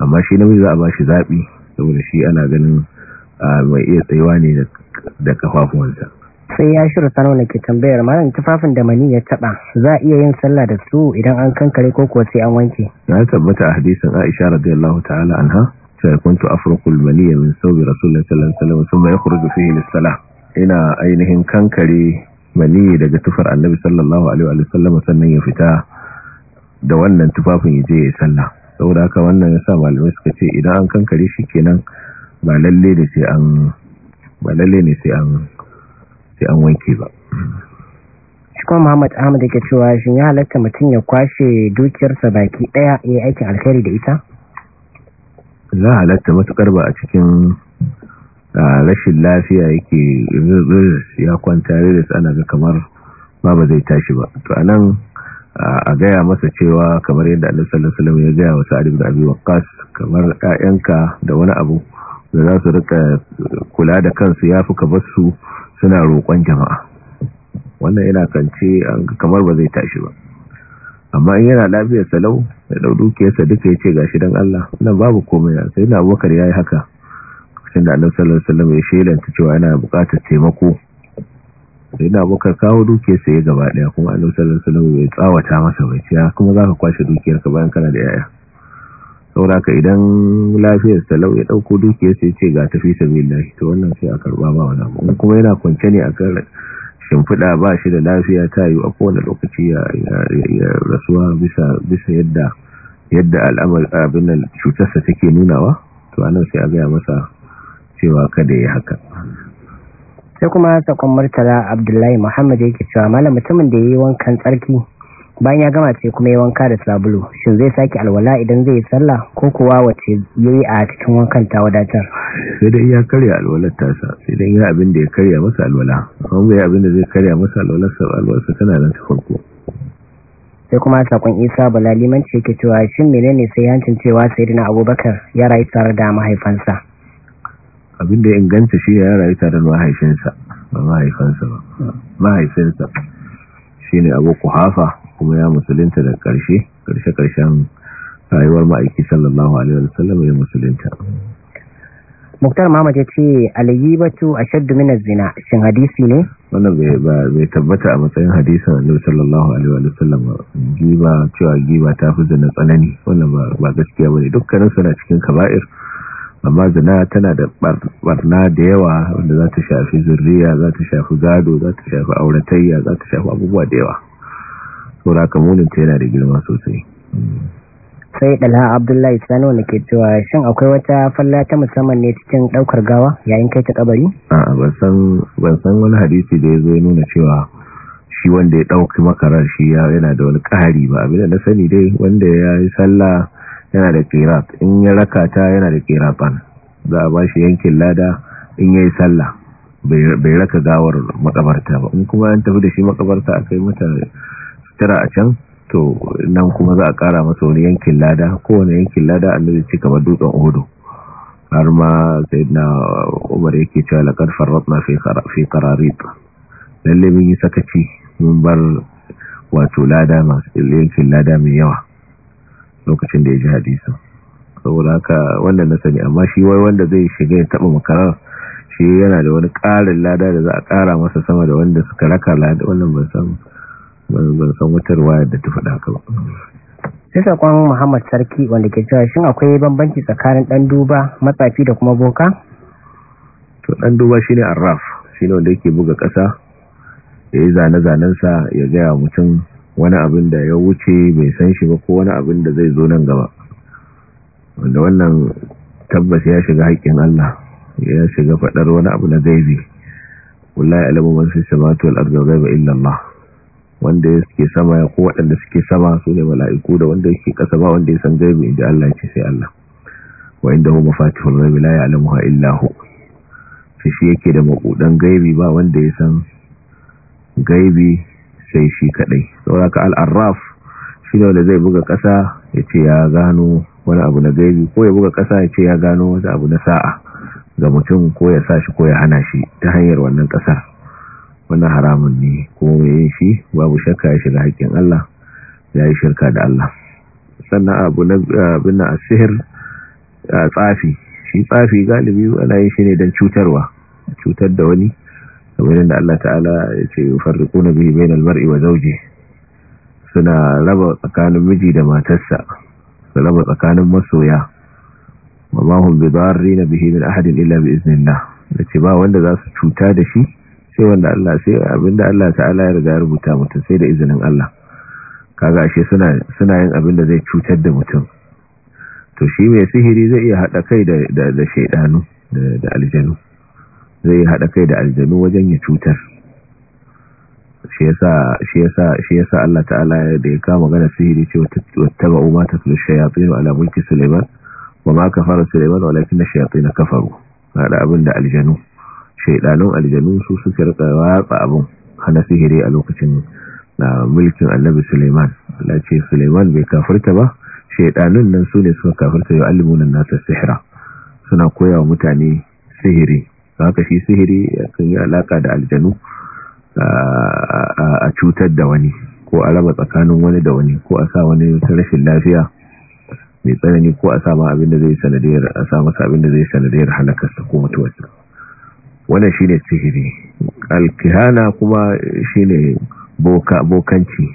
amma shi namiji za a ba shi zaɓi saboda shi ana ganin mai iya tsayuwa ne da kafafuwansa sai ya shiru sanau ke tambayar malam tufafin da mani ya taba za a iya yin sallah da su idan an kankare ko kuwa sai an wanke ya tabbata a hadisin Aisha radiyallahu ta'ala anha cewa kuntu afruqu al-mani min sawbi rasulullahi sallallahu alaihi wasallam thumma yakhruju fihi lis-salah ina ainihin kankare mani daga tufar annabi sallallahu alaihi wasallam sannan ya fita da wannan tufafin ya je ya sallah saboda haka wannan yasa malamai suka ce idan an kankare shi kenan ba lalle ne sai an ba lalle ne sai an sai an wanke ba kuma Muhammad Ahmad yake cewa shi ya halatta mutum ya kwashe dukiyarsa baki daya ya aikin alkhairi da ita? Za a halatta matukar ba a cikin rashin lafiya yake ya kwanta da tsana ga kamar ba ba zai tashi ba. To a nan a gaya masa cewa kamar yadda Allah sallallahu ya gaya wa Sa'ad ibn Abi kas kamar 'ya'yanka da wani abu da za su rika kula da kansu ya ka kamar su suna roƙon jama'a wannan yana kance kamar ba zai tashi ba amma in yana lafiyar salau da dauduke dukiyarsa duka ya yace gashi dan Allah nan babu komai sai na Abubakar yayi haka sai da Annabi sallallahu alaihi wasallam ya shelanta cewa yana buƙatar taimako sai na Abubakar kawo dukiyarsa ya gaba daya kuma Annabi sallallahu alaihi wasallam ya tsawata masa bai ce kuma zaka kwashe dukiyarka bayan kana da yaya sauraka idan lafiyar ta ya dauko dukiyar sai ce ga tafi sabilillahi to wannan sai a karba ba wannan in kuma yana kwance ne akan shimfida ba shi da lafiya ta yi a kowane lokaci ya rasuwa bisa bisa yadda al'amar abin nan cutarsa take nunawa to anan sai a gaya masa cewa kada ya haka sai kuma sakon murtala abdullahi muhammad yake cewa malam mutumin da ya yi wankan tsarki bayan ya gama ce kuma yi wanka da sabulu shi zai sake alwala idan zai sallah ko kuwa wace yi a cikin wankan ta wadatar sai dai ya karya alwalar tasa sai dai ya abin da ya karya masa alwala amma bai abin da zai karya masa alwalar sa alwalar sa tana nan ta farko sai kuma sakon Isa Bala ce ke cewa shi menene sai yancin cewa dina Abubakar ya rayu tare da mahaifansa abin da inganta shi ya rayu tare da mahaifinsa ba mahaifansa ba mahaifinsa shine Abu Kuhafa kuma ya musulunta da ƙarshe ƙarshe-ƙarshen rayuwar ma'aiki sallallahu alaihi wa sallam ya musulunta Muktar Muhammad ya ce alayyibatu a min az-zina shin hadisi ne wannan bai tabbata a matsayin hadisin Annabi sallallahu alaihi wa sallam. giba cewa giba ta fi zina tsanani wannan ba gaskiya bane dukkanin suna cikin kaba'ir amma zina tana da barna da yawa wanda za ta shafi zurriya za ta shafi gado za ta shafi auratayya za ta shafi abubuwa da yawa saboda kamuninta yana da girma sosai sai ɗalha abdullahi sanu na ke cewa shin akwai wata falla ta musamman ne cikin ɗaukar gawa yayin kai ta kabari? a ban san wani hadisi da ya zo nuna cewa shi wanda ya ɗauki makarar shi yana da wani ƙari ba abin da na sani dai wanda ya yi sallah yana da kiraf in ya raka ta yana da kirafan za a ba shi yankin lada in ya yi sallah bai raka gawar makabarta ba in kuma yan tafi da shi makabarta a kai mata tara a can to nan kuma za a kara masa wani yankin lada kowane yankin lada annabi ci kamar dutsen odo har ma sai na umar yake cewa karfar farratna fi karari ba lalle mun yi sakaci mun bar wato lada masu yankin lada mai yawa lokacin da ya ji hadisin saboda haka wanda na sani amma shi wai wanda zai shiga ya taba makarar shi yana da wani ƙarin lada da za a ƙara masa sama da wanda suka raka lada wannan ban san ban san wutar waya da ta faɗa haka ba sai sakon muhammad sarki wanda ke cewa shin akwai bambanci tsakanin dan duba matsafi da kuma boka to dan duba shi ne arraf shi ne wanda yake buga ƙasa ya yi zane-zanensa ya gaya mutum wani abin da ya wuce bai san shi ba ko wani abin da zai zo nan gaba wanda wannan tabbas ya shiga haƙƙin Allah ya shiga faɗar wani abu na gaibi wallahi alamu man fi samawati wal ardi ghaiba illallah wanda yake sama ya ko waɗanda suke sama su ne mala'iku da wanda yake ƙasa ba wanda ya san gaibi inda Allah ce sai Allah wa inda hu mafatihul gaibi la ya'lamuha illa hu shi shi yake da makudan gaibi ba wanda ya san gaibi sai shi kaɗai. sauraka al-arraf shi ne wanda zai buga ƙasa ya ce ya gano wani abu na gaibi ko ya buga ƙasa ya ce ya gano wani abu na sa'a ga mutum ko ya sa shi ko ya hana shi ta hanyar wannan ƙasar Wani haramun ne kuma mai yin shi babu shakka ya shiga haƙƙin Allah ya yi shirka da Allah sannan abu na bin asihir tsafi shi tsafi galibi ana yin shi ne don cutarwa cutar da wani kamar yadda Allah ta'ala ya ce kuna bihi bainal mar'i wa zawji suna raba tsakanin miji da matarsa su raba tsakanin masoya wa ma hum bidarrin bihi min ahadin illa bi iznillah dace ba wanda za su cuta da shi sai wanda Allah sai abinda Allah ta'ala ya riga rubuta mutum sai da izinin Allah kaga ashe suna suna yin da zai cutar da mutum to shi mai sihiri zai iya hada kai da da, da shaydanu da, da aljanu zai hada kai da aljanu wajen ya cutar shi yasa shi yasa shi yasa Allah ta'ala da ya kama gana sihiri ce wata umma tatlu shayatin ala mulki sulaiman wa ma kafara sulaiman walakin ash-shayatin kafaru hada abinda aljanu shaidanun aljanu su suka rika watsa abun hana sihiri a lokacin na mulkin annabi suleiman Allah ce suleiman bai kafirta ba shaidanun nan su ne suka kafirta yau alimunan nasa sihira suna koya wa mutane sihiri haka shi sihiri kan yi alaka da aljanu a cutar da wani ko a raba tsakanin wani da wani ko a sa wani rashin lafiya mai tsanani ko a sa ma abin da zai sanadiyar a sa masa abin da zai sanadiyar halakarsa ko mutuwarsa wannan shine sihiri alkihana kuma shine boka bokanci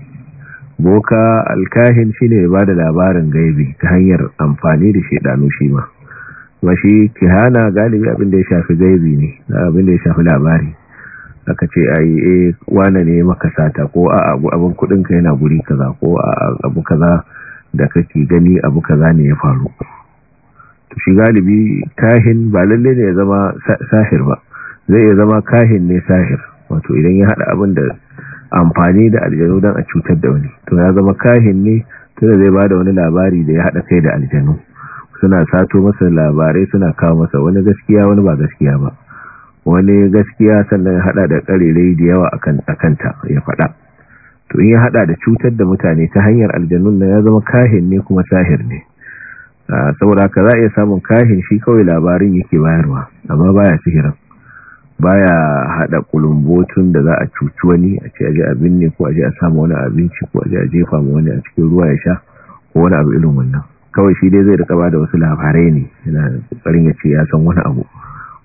boka alkahin shine ba da labarin gaibi ta hanyar amfani da shedanu shi ma shi kihana galibi abin da ya shafi gaibi ne abin da ya shafi labari aka ce a yi eh, wane ne makasata ko a abin kudin ka yana guri kaza ko a abu kaza da kake gani abu kaza ne ya faru shi galibi kahin ba lalle ne ya zama sahir ba zai iya zama kahin ne sahir wato idan ya hada abin da amfani da aljanu don a cutar da wani to ya zama kahin ne da zai ba da wani labari da ya hada kai da aljanu suna sato masa labarai suna kawo masa wani gaskiya wani ba gaskiya ba wani gaskiya sannan hada da karerai da yawa kanta kanta ya fada to in ya hada da cutar da mutane ta hanyar Aljanun nan ya zama kahin ne kuma sahir ne ah, saboda haka za a iya samun kahin shi kawai labarin yake bayarwa amma baya sihirin baya hada tun da za a cuci wani a ce aje abin ne ko aje a samu wani abinci ko aje a jefa mu wani a cikin ruwa ya sha ko wani abu irin wannan kawai shi dai zai rika ba da wasu labarai ne yana karin ya ce ya san wani abu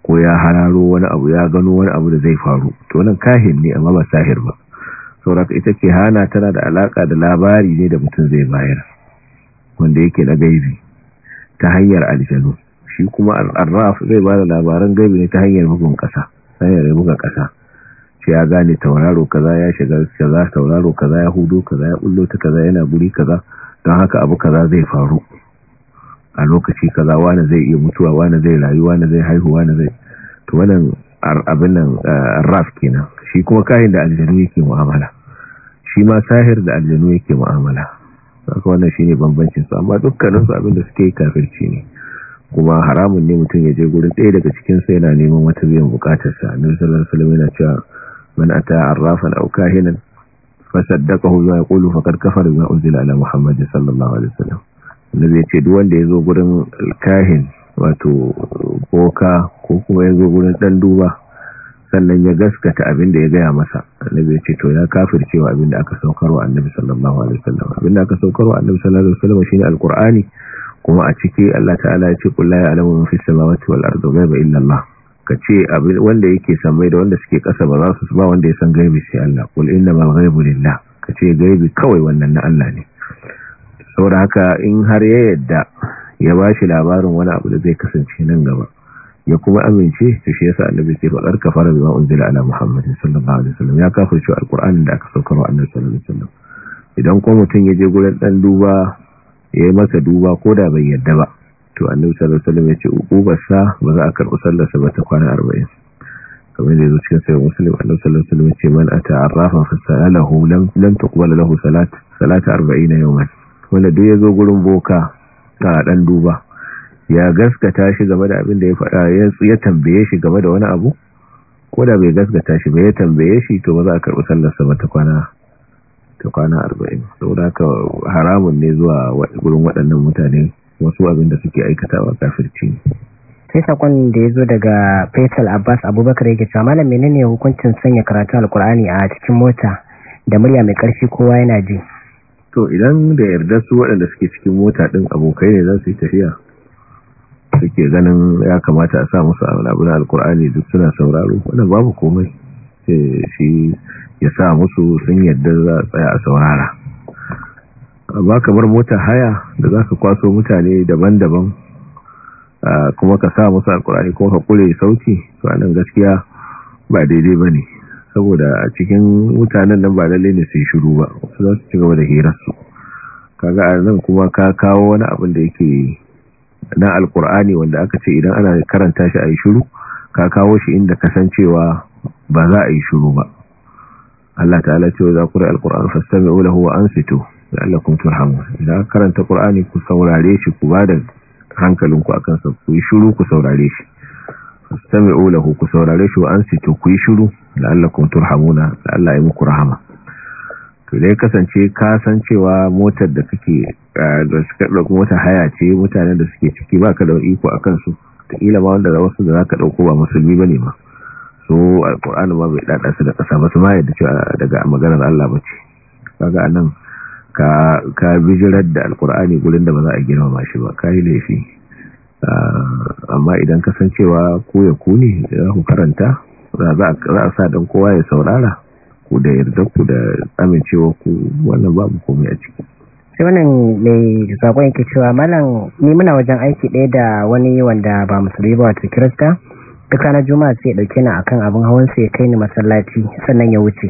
ko ya hararo wani abu ya gano wani abu da zai faru to nan kahin ne amma ba sahir ba sauraka ita ke hana tana da alaka da labari ne da mutum zai bayar wanda yake na gaibi ta hanyar aljanu shi kuma arraf zai ba da labaran gaibi ne ta hanyar bugun kasa sai ya buga ƙasa shi ya gane tauraro kaza ya shiga kaza tauraro kaza ya hudu kaza ya bullo ta kaza yana guri kaza don haka abu kaza zai faru a lokaci kaza wani zai iya mutuwa wani zai rayu wani zai haihu wani zai to wannan abin nan raf kenan shi kuma kayan da aljanu yake mu'amala shi ma sahir da aljanu yake mu'amala haka wannan shine bambancin su amma dukkanin su abin da suke kafirci ne kuma haramun ne mutum ya je gurin ɗaya daga cikin sai yana neman wata biyan bukatarsa annabi sallallahu alaihi wasallam yana cewa man ata arrafan aw kahinan fasaddaqahu ya Kulu, Fakar, kafar zuwa unzila ala Muhammadu, sallallahu alaihi wasallam annabi ya ce duk wanda ya zo gurin alkahin wato boka ko kuma ya zo gurin dan duba sannan ya gaskata abin da ya gaya masa annabi ya ce to ya cewa abin da aka saukarwa annabi sallallahu alaihi wasallam abin da aka saukarwa annabi sallallahu alaihi wasallam shine alqur'ani kuma a ciki Allah ta'ala ya ce kullu ya alama fis samawati wal ardi gaiba illallah. Ka kace abin wanda yake samai da wanda suke kasa ba za su ba wanda ya san gaibi sai Allah kul innamal ghaibu lillah kace gaibi kawai wannan na Allah ne saboda haka in har ya yadda ya bashi labarin wani abu da zai kasance nan gaba ya kuma amince to shi yasa annabi sai fa karka fara bi ma unzila ala muhammadin sallallahu alaihi wasallam ya kafirce alqur'anin da aka saukar wa annabi sallallahu alaihi wasallam idan ko mutun je gurin dan duba ya yi masa duba ko da bai yadda ba to annabi sallallahu alaihi wasallam ya ce ubarsa ba za a karɓi sallarsa ba ta kwana arba'in kamar da yazo cikin sahih muslim annabi sallallahu alaihi wasallam ya ce man ata'arrafa fa sa'alahu lam lam tuqbal lahu salat salat 40 yawman wanda duk yazo gurin boka ta dan duba ya gaskata shi game da abin da ya faɗa ya tambaye shi game da wani abu ko da bai gaskata shi ba ya tambaye shi to ba za a karɓi sallarsa ba ta kwana ta kwana arba'in saboda haka haramun ne zuwa gurin waɗannan mutane wasu abin da suke aikatawa kafirci sai sakon da ya zo daga fetal abbas abubakar yake cewa malam menene hukuncin sanya karatu alkur'ani a cikin mota da murya mai karfi kowa yana ji to idan da yarda su waɗanda suke cikin mota ɗin abokai ne za su yi tafiya suke ganin ya kamata a sa musu abin alkur'ani duk suna sauraro wannan babu komai shi ya sa musu sun yadda za a tsaya a saurara ba kamar mota haya da za ka kwaso mutane daban-daban kuma ka sa musu alkurani kuma ka ƙure sauki to nan gaskiya ba daidai ba ne saboda a cikin mutanen nan ba lalle ne sai shiru ba su za su ci gaba da hirarsu kaga a nan kuma ka kawo wani abin da yake na alkur'ani wanda aka ce idan ana karanta shi a yi shiru ka kawo shi inda kasancewa ba za a yi shiru ba Allah ta'ala ce wa za ku huwa fastami'u da Allah ansitu la'allakum turhamu. idan karanta ƙur'ani ku saurare shi ku ba da hankalinku a sa ku yi shiru ku saurare shi ula lahu ku saurare shi wa fito ku yi shiru na da Allah ya muku rahama to dai kasance ka san cewa motar da kake eh, da suka ɗauki mota haya ce mutanen da suke ciki baka da iko a su ta ila ma wanda wasu da za ka dauko ba musulmi ba ne ma su alkur'ani ba bai dada su da kasa ba su ma yadda cewa daga maganar Allah bace kaga anan ka ka bijirar da alkur'ani gurin da ba za a ma shi ba kai laifi ah, amma idan ka san cewa ko ya ku za ku karanta za a sa dan kowa ya saurara ku da yarda ku da amincewa ku wannan babu komai a ciki sai wannan mai zagon yake cewa malam ni muna wajen aiki ɗaya da wani wanda ba musulmi ba wato kirista duk ranar juma'a sai ya dauke ni akan abin hawan sai ya kai ni masallaci sannan ya wuce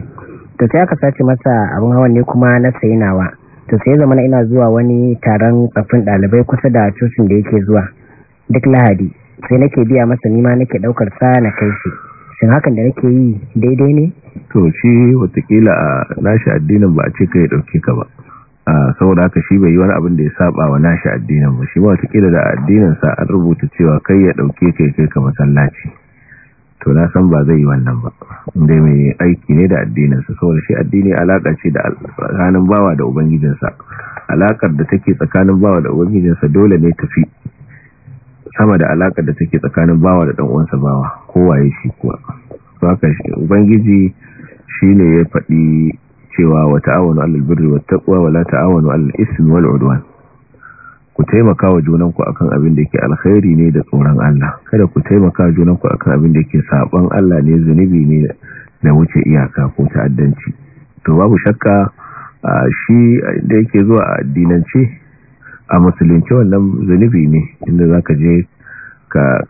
to sai aka sace masa abin hawan ne kuma na sayi nawa to sai zama na ina zuwa wani taron tsafin dalibai kusa da cocin da yake zuwa duk lahadi sai nake biya masa nima nake daukar sa na kai shi shin hakan da nake yi daidai ne to shi watakila a nashi addinin ba a ce kai dauke ka ba saboda haka shi bai yi wani abin da ya saba wa nashi addinin ba shi ma wata da addinin sa an rubuta cewa kai ya dauke ka kai ka masallaci to na san ba zai yi wannan ba inda mai aiki ne da addinin sa saboda shi addini alaka ce da tsakanin bawa da ubangijin sa alakar da take tsakanin bawa da ubangijin sa dole ne tafi sama da alakar da take tsakanin bawa da dan uwansa bawa kowaye shi kuwa haka ubangiji shine ya faɗi cewa wa ta'awanu 'alal birri wat taqwa wa la ta'awanu 'alal ismi wal 'udwan ku taimaka wa junanku akan abin da yake alkhairi ne da tsoron Allah kada ku taimaka wa ku akan abin da yake saban Allah ne zunubi ne da wuce iyaka ko ta'addanci to babu shakka shi da yake zuwa a addinance a musulunci wannan zunubi ne inda zaka je ka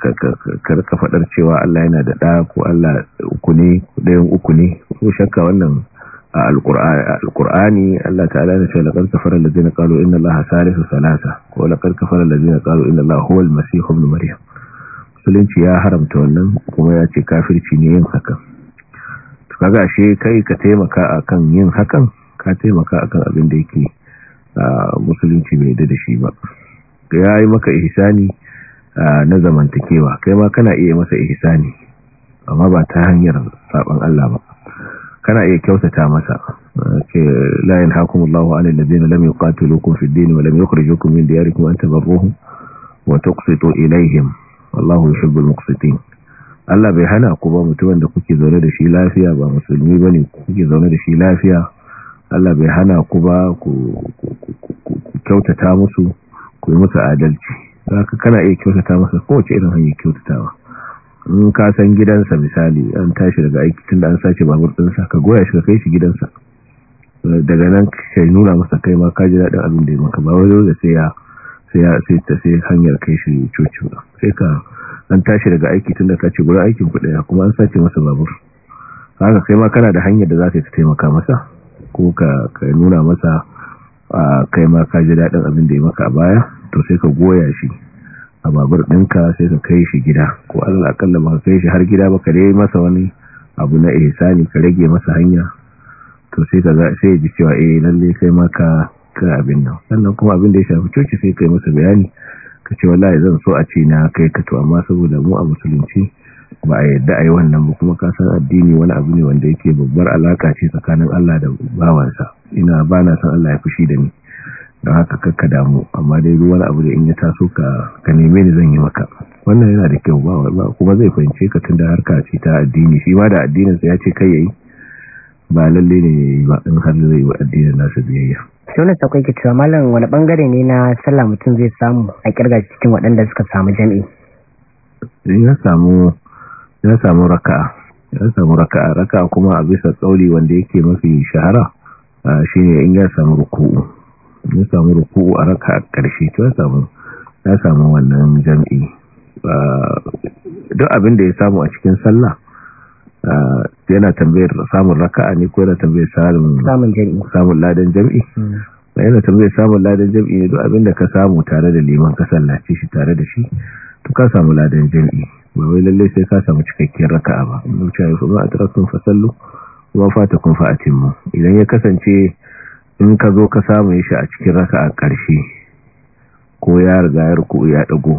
ka faɗar cewa Allah yana da ɗa ko Allah uku ne ɗayan uku ne ko shakka wannan a alkur'ani Allah ta'ala ya ce laqad kafara allazina qalu inna allaha salisu salasa ko laqad kafara allazina qalu inna allaha huwal masih ibn maryam musulunci ya haramta wannan kuma ya ce kafirci ne yin hakan to kaga ashe kai ka taimaka akan yin hakan ka taimaka akan abin da yake musulunci bai da shi ba ya yi maka ihsani na zamantakewa kai ma kana iya masa ihsani amma ba ta hanyar saban Allah ba kana iya kyautata masa layin la yanhaakumullahu 'anil ladina lam yuqatilukum fid din wa lam yukhrijukum min diyarikum an tabarruhum wa tuqsitu ilayhim wallahu yuhibbul muqsitin Allah bai hana ku ba mutumin da kuke zaune da shi lafiya ba musulmi bane kuke zaune da shi lafiya Allah bai hana ku ba ku kyautata musu ku yi musu adalci zaka kana iya kyautata masa kowace irin hanyar kyautatawa in ka san gidansa misali an tashi daga aiki tun da an sace babur ɗinsa ka goya shi ka kai shi gidansa daga nan ka nuna masa kai ma ka ji daɗin abin da ya maka ba wajen da sai ya sai ya sai ta sai hanyar kai shi coci ba sai ka an tashi daga aiki tun da ka ce gura aikin kuɗi ya kuma an sace masa babur haka kai ma kana da hanyar da za ka taimaka masa ko ka nuna masa ah, kai ma ka ji daɗin abin da ya maka a baya to sai ka goya shi a babur ɗinka sai ka kai shi gida ko allah akalla ba ka kai shi har gida ba ka dai masa wani abu na ihsani ka rage masa hanya to sai ka sai ji cewa eh lalle kai maka ka abin nan sannan kuma abin da ya shafi coci sai kai masa bayani ka ce wallahi zan so a ce na kai ka to amma saboda mu a musulunci ba a yadda a yi wannan ba kuma kasan addini wani abu ne wanda yake babbar alaka ce tsakanin Allah da bawansa ina ba na san Allah ya fushi da ni don haka kakka damu amma dai duk wani abu da in ya taso ka ka neme ni zan yi maka wannan yana da kyau ba kuma zai fahimce ka tunda harka ce ta addini shi ma da addinin sa ya ce kai yayi ba lalle ne ba in har zai wa addinin nasa biyayya Shona sakwai ke cewa malam wani bangare ne na sallah mutum zai samu a kirga cikin waɗanda suka samu jami'i ya samu ya raka'a ya samu raka'a raka'a kuma a bisa tsauri wanda yake mafi shahara shine in ya samu ruku'u ya samu ruku'u a raka a ƙarshe Ta ya samu ya samu wannan jam'i ah, don abin da ya samu a cikin sallah ah, yana tambayar samun raka'a ne ko yana tambayar samun ladan jam'i hmm. ba yana tambayar samun ladan jam'i ne duk abin da ka samu tare da liman ka sallace shi tare da shi to ka samu ladan jam'i ba wai lalle sai ka samu cikakken raka'a ba yi kuma a tarakun fasallu kun fatakun fa'atimmu idan ya kasance in ka zo ka samu shi a cikin raka a ƙarshe ko ya riga ya ruku ya ɗago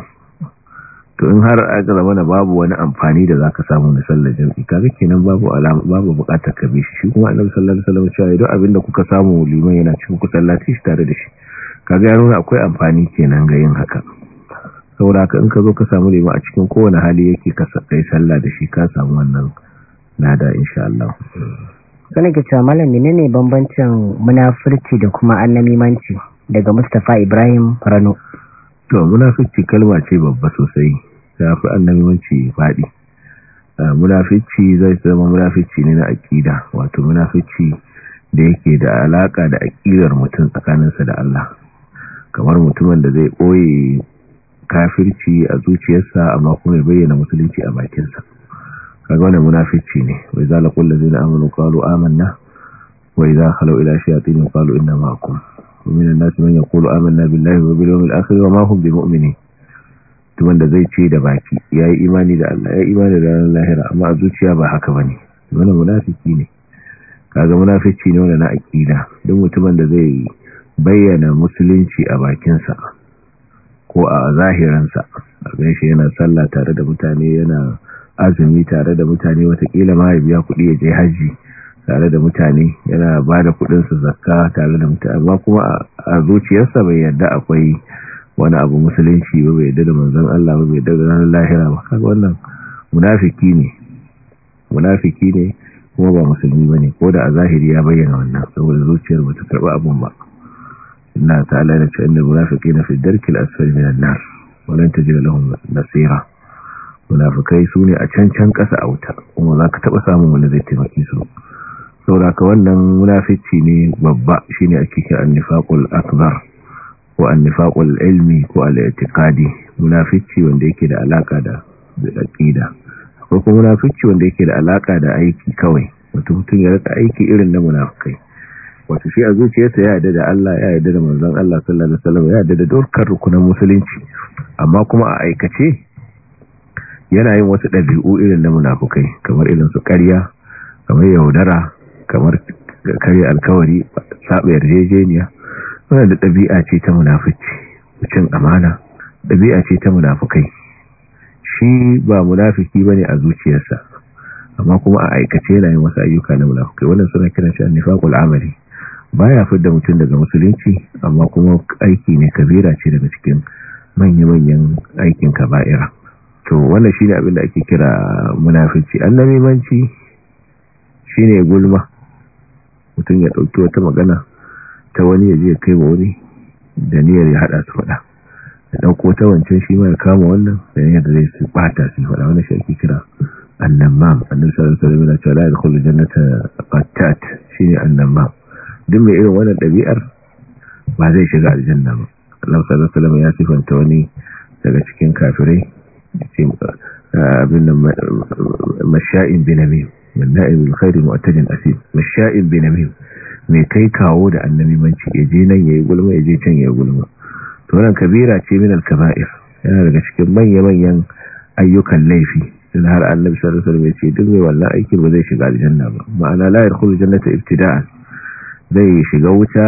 to in har aka zama da babu wani amfani da za ka samu na sallar jam'i kaga kenan babu alama babu buƙatar ka bi shi shi kuma annabi sallallahu alaihi wasallam cewa idan abin da kuka samu liman yana cikin ku sallaci shi tare da shi ka ya nuna akwai amfani kenan ga yin haka saboda in ka zo ka samu liman a cikin kowane hali yake ka kai sallah da shi ka samu wannan nada insha sannan ke cewa malam menene bambancin munafurci da kuma annamimanci daga Mustapha Ibrahim Rano to munafurci kalma ce babba sosai ta fi annamimanci faɗi munafurci zai zama munafurci ne na aƙida wato munafurci da yake da alaƙa da aƙidar mutum tsakaninsa da Allah kamar mutumin da zai ɓoye kafirci a zuciyarsa amma kuma ya bayyana musulunci a bakinsa kaga wannan munafici ne wa idza laqul ladina amanu qalu amanna wa idza khalu ila shayatin qalu inna ma'akum minan nas man yaqulu amanna billahi wa bil yawmil akhir wa ma hum bimu'minin to wanda zai ce da baki yayi imani da Allah yayi imani da ranar lahira amma a zuciya ba haka bane wannan munafici ne kaga munafici ne wannan aqida duk mutumin da zai bayyana musulunci a bakinsa ko a zahiransa a ganshi yana sallah tare da mutane yana azumi tare da mutane watakila ma ya biya kuɗi ya je hajji tare da mutane yana ba da kuɗinsu zakka tare da mutane amma kuma a zuciyarsa bai yarda akwai wani abu musulunci ba bai yarda da manzon Allah ba bai yarda da ranar lahira ba kaga wannan munafiki ne munafiki ne kuma ba musulmi bane ko da a zahiri ya bayyana wannan saboda zuciyar bata karba abun ba inna ta'ala ya ce inna munafiqina fi darkil asfali minan nar wa lan tajid lahum nasira munafikai su ne a cancan ƙasa a wuta kuma za ka taɓa samun wani zai taimaki su sauraka wannan munafici ne babba shi ne ake an annifakul akbar ko annifakul ilmi ko al'atikadi munafici wanda yake da alaka da aƙida ko kuma munafici wanda yake da alaka da aiki kawai wata mutum ya rika aiki irin na munafukai. wata shi a zuciyarsa ya yada da Allah ya yarda da manzan Allah sallallahu alaihi wasallam ya yada da dokar rukunan musulunci amma kuma a aikace yana yin wasu ɗabi'u irin na munafukai kamar irin su karya, kamar yaudara kamar karya alkawari saɓa yarjejeniya wannan da ɗabi'a ce ta munafuci cin amana ɗabi'a ce ta munafukai shi ba munafuki ba ne a zuciyarsa amma kuma a aikace yana yin wasu ayyuka na munafukai wannan suna kiran shi ba ya baya fidda mutum daga musulunci amma kuma aiki ne kabira ce daga cikin manya-manyan aikin kaba'ira to wannan shine abin da ake kira munafici manci shine gulma mutum ya dauki wata magana ta wani ya je kai wa wani da niyyar ya hada su fada ya dauko ta wancan shi ma ya kama wannan da niyyar da zai su bata su fada wannan shi ake kira annamam annabi sallallahu alaihi wasallam ya ce la yadkhulu jannata qattat shine annamam duk mai irin wannan dabi'ar ba zai shiga aljanna ba Allah sallallahu alaihi wasallam ya sifanta wani daga cikin kafirai abin nan masha'in binamim na'im alkhair mu'tadin asim masha'in binamim mai kai kawo da Ya yaje nan yayi gulma yaje can yi gulma to wannan kabira ce min alkaba'ir yana daga cikin manya-manyan ayyukan laifi dan har annabi sallallahu alaihi ya ce duk mai wannan aiki ba zai shiga aljanna ba ma'ana la yadkhulu jannata ibtida'an zai shiga wuta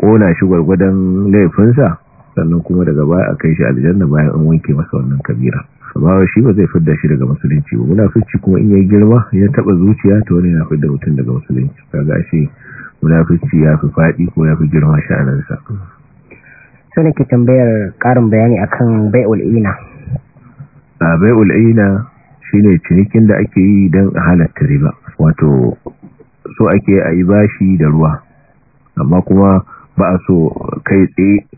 kona shi gwargwadon laifinsa sannan kuma daga baya a kai shi aljanna bayan an wanke masa wannan kabira sabawa shi ba zai fidda shi daga musulunci ba munafici kuma in ya girma ya taba zuciya to wani yana fidda mutum daga musulunci kaga ashe munafici ya fi fadi ko ya fi girma shanarsa. so ke tambayar karin bayani akan bai'ul ina a bai'ul ina shine cinikin da ake yi don halatta riba wato so ake a yi bashi da ruwa amma kuma ba a so kai tsaye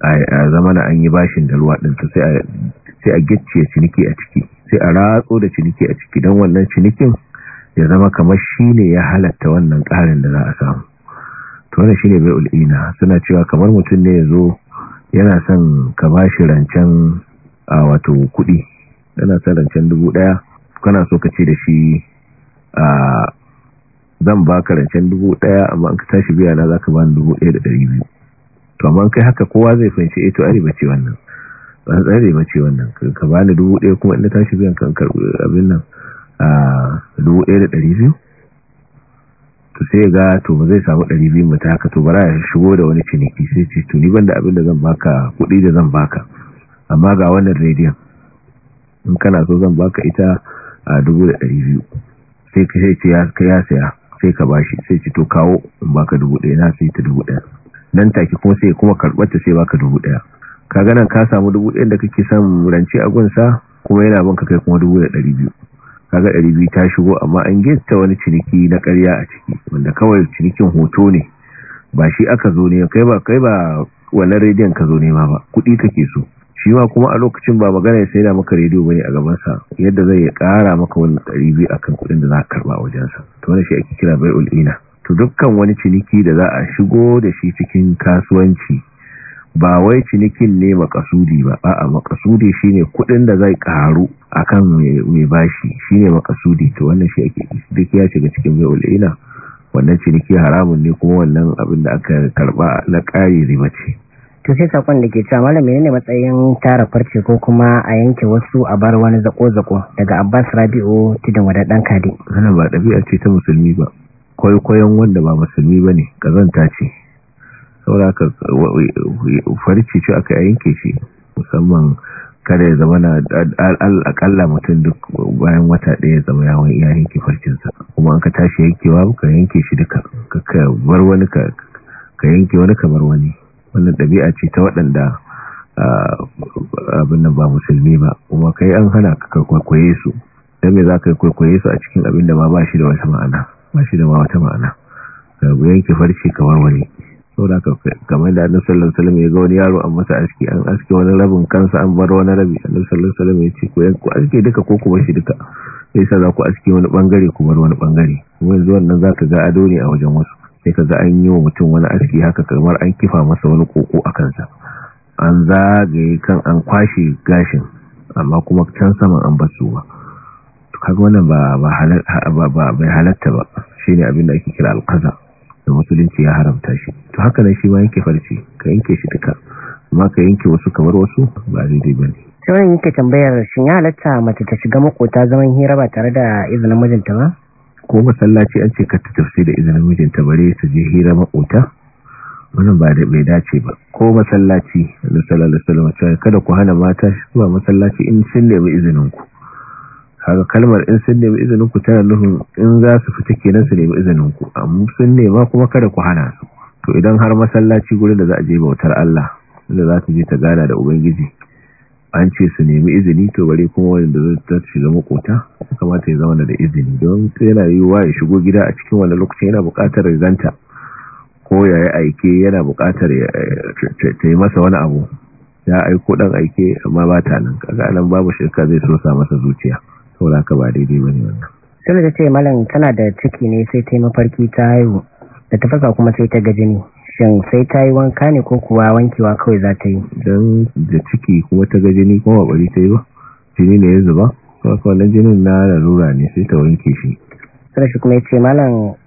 a zamana an yi bashin da ruwa ɗinsa, sai a ya ciniki a ciki sai a ratso da ciniki a ciki don wannan cinikin ya zama kamar shi ne ya halatta wannan ƙarin da za a samu to wani shi ne bai ul'ina suna cewa kamar mutum ne ya zo yana son ka ba shi rancen a wato kuɗi yana son rancen dubu ɗaya kana so ka ce da shi a zan ba ka rancen dubu ɗaya amma an ka tashi biya na za ka ba ni dubu ɗaya da ɗari biyu to kai haka kowa zai fahimci eh to arewa ce wannan ba tsare ba ce wannan ka ba ni dubu ɗaya kuma inda tashi biyan kan karɓi abin nan a dubu ɗaya da ɗari biyu to sai ga to ba zai samu ɗari biyu mata haka to bara ya shigo da wani ciniki sai ce to ni banda abin da zan baka kuɗi da zan baka amma ga wannan rediyon in kana so zan baka ita a dubu da ɗari biyu sai ka sai ce ya saya sai ka bashi sai ce to kawo in baka dubu ɗaya na sai ta dubu ɗaya nan take kuma sai kuma karɓar ta sai baka dubu ɗaya ka ga nan ka samu dubu ɗaya da kake samun rance a gunsa kuma yana banka kai kuma dubu da ɗari biyu kaga ɗari biyu ta shigo amma an gesta wani ciniki na ƙarya a ciki wanda kawai cinikin hoto ne ba shi aka zo ne kai ba kai ba wannan rediyon ka zo nema ba kuɗi kake so shi ma kuma a lokacin ba magana ya da maka rediyo bane a gabansa yadda zai ya kara maka wannan ɗari biyu akan kuɗin da za ka karɓa a wajensa to wani shi ake kira Bai ulina to dukkan wani ciniki da za a shigo da shi cikin kasuwanci ba wai cinikin ne makasudi ba a'a makasudi shine kudin da zai karu kan mai bashi ne makasudi to wannan shi ake duk ya shiga cikin mai ulina wannan ciniki haramun ne kuma wannan abin da aka karba na kare riba ce to sai sakon da ke cewa malamai ne matsayin tara farce ko kuma a yanke wasu a bar wani zako zako daga Abbas Rabi'u tudun wadadan kadi wannan ba ɗabi'ar ce ta musulmi ba kwaikwayon wanda ba musulmi ba ne ƙazanta ce sauraka farci ce aka yanke shi musamman kada ya zama na al'akalla mutum duk bayan wata ɗaya zama yawon iya yanke farcinsa kuma an ka tashi yankewa ka yanke shi duka ka bar wani ka yanke wani kamar wani wannan ɗabi'a ce ta waɗanda abin nan ba musulmi ba kuma kai an hana ka kwaikwaye su don me za ka kwaikwaye su a cikin abin da ba ba shi da wata ma'ana ba shi da ma wata ma'ana ka yanke farce ka warware saboda kamar da annabi sallallahu alaihi ya ga wani yaro an masa aski an aski wani rabin kansa an bar wani rabi annabi sallallahu alaihi ya ce ko yanku aski duka ko kuma shi duka sai sa za ku aski wani bangare kuma bar wani bangare kuma yanzu wannan zaka ga ado ne a wajen wasu sai ka ga an yi wa mutum wani aski haka kamar an kifa masa wani koko a kansa an zagaye kan an kwashe gashin amma kuma can saman an su ba kaga wannan ba bai halatta ba shine abin da ake kira alkaza da musulunci ya haramta shi to haka ne shi ma yanke farce ka yanke shi duka amma ka yanke wasu kamar wasu ba daidai ba ne sauran yake tambayar shin ya halatta mace ta shiga makota zaman hira ba tare da izinin mijinta ba ko masallaci an ce ka ta tafsi da izinin mijinta bare su je hira makota wannan ba da bai dace ba ko masallaci da sallallahu alaihi wasallam kada ku hana mata zuwa masallaci in sun nemi izinin ku kaga kalmar in sun nemi izinin ku tana nufin in za su fita kenan su nemi izinin ku amma sun nema kuma kada ku hana su to idan har masallaci gurin da za a je bautar Allah da za ta je ta gana da ubangiji an ce su nemi izini to bare kuma da zai ta shiga makota kamata ya zama da izini don yana yiwuwa ya shigo gida a cikin wani lokaci yana buƙatar rizanta ko ya yi aike yana buƙatar eh, ta yi masa wani abu ya aiko ɗan aike amma ba ta nan kaga nan babu shirka zai so sa masa zuciya saboda haka ba daidai bane wannan sai da ce malam tana da ciki ne sai ta yi mafarki ta haihu da ta fasa kuma sai ta ga jini shin sai ta yi wanka ne ko kuwa wankewa kawai za ta yi don da ciki kuma ta ga jini kuma bari ta yi ba jini ne ya zuba kuma kwanan jinin na larura ne sai ta wanke shi sai shi kuma ya ce malam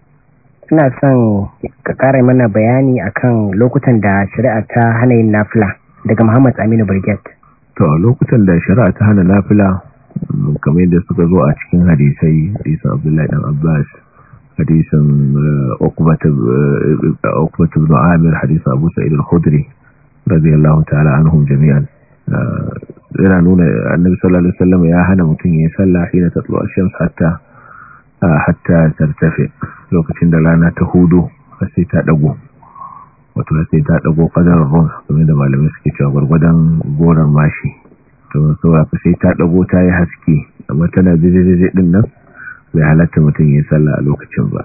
ina son ka kara mana bayani akan lokutan da shari'a ta hana yin nafila daga muhammad aminu brigade to lokutan da shari'a ta hana nafila kamar yadda suka zo a cikin hadisai hadisin abdullahi dan abbas hadisin eh, ukbat eh, ibn amir hadisin abu sa'id al-khudri radiyallahu ta'ala anhum jami'an eh, yana nuna annabi sallallahu alaihi wasallam ya hana mutum yayin sallah hina tatlu ash-shams hatta hatta tartafi lokacin da rana ta hudu sai ta dago wato sai ta dago kadarin kamar da malamai suke cewa gurgudan goran mashi to saboda sai ta dago ta yi haske amma tana dididide din nan bai halatta mutum ya sallah a lokacin ba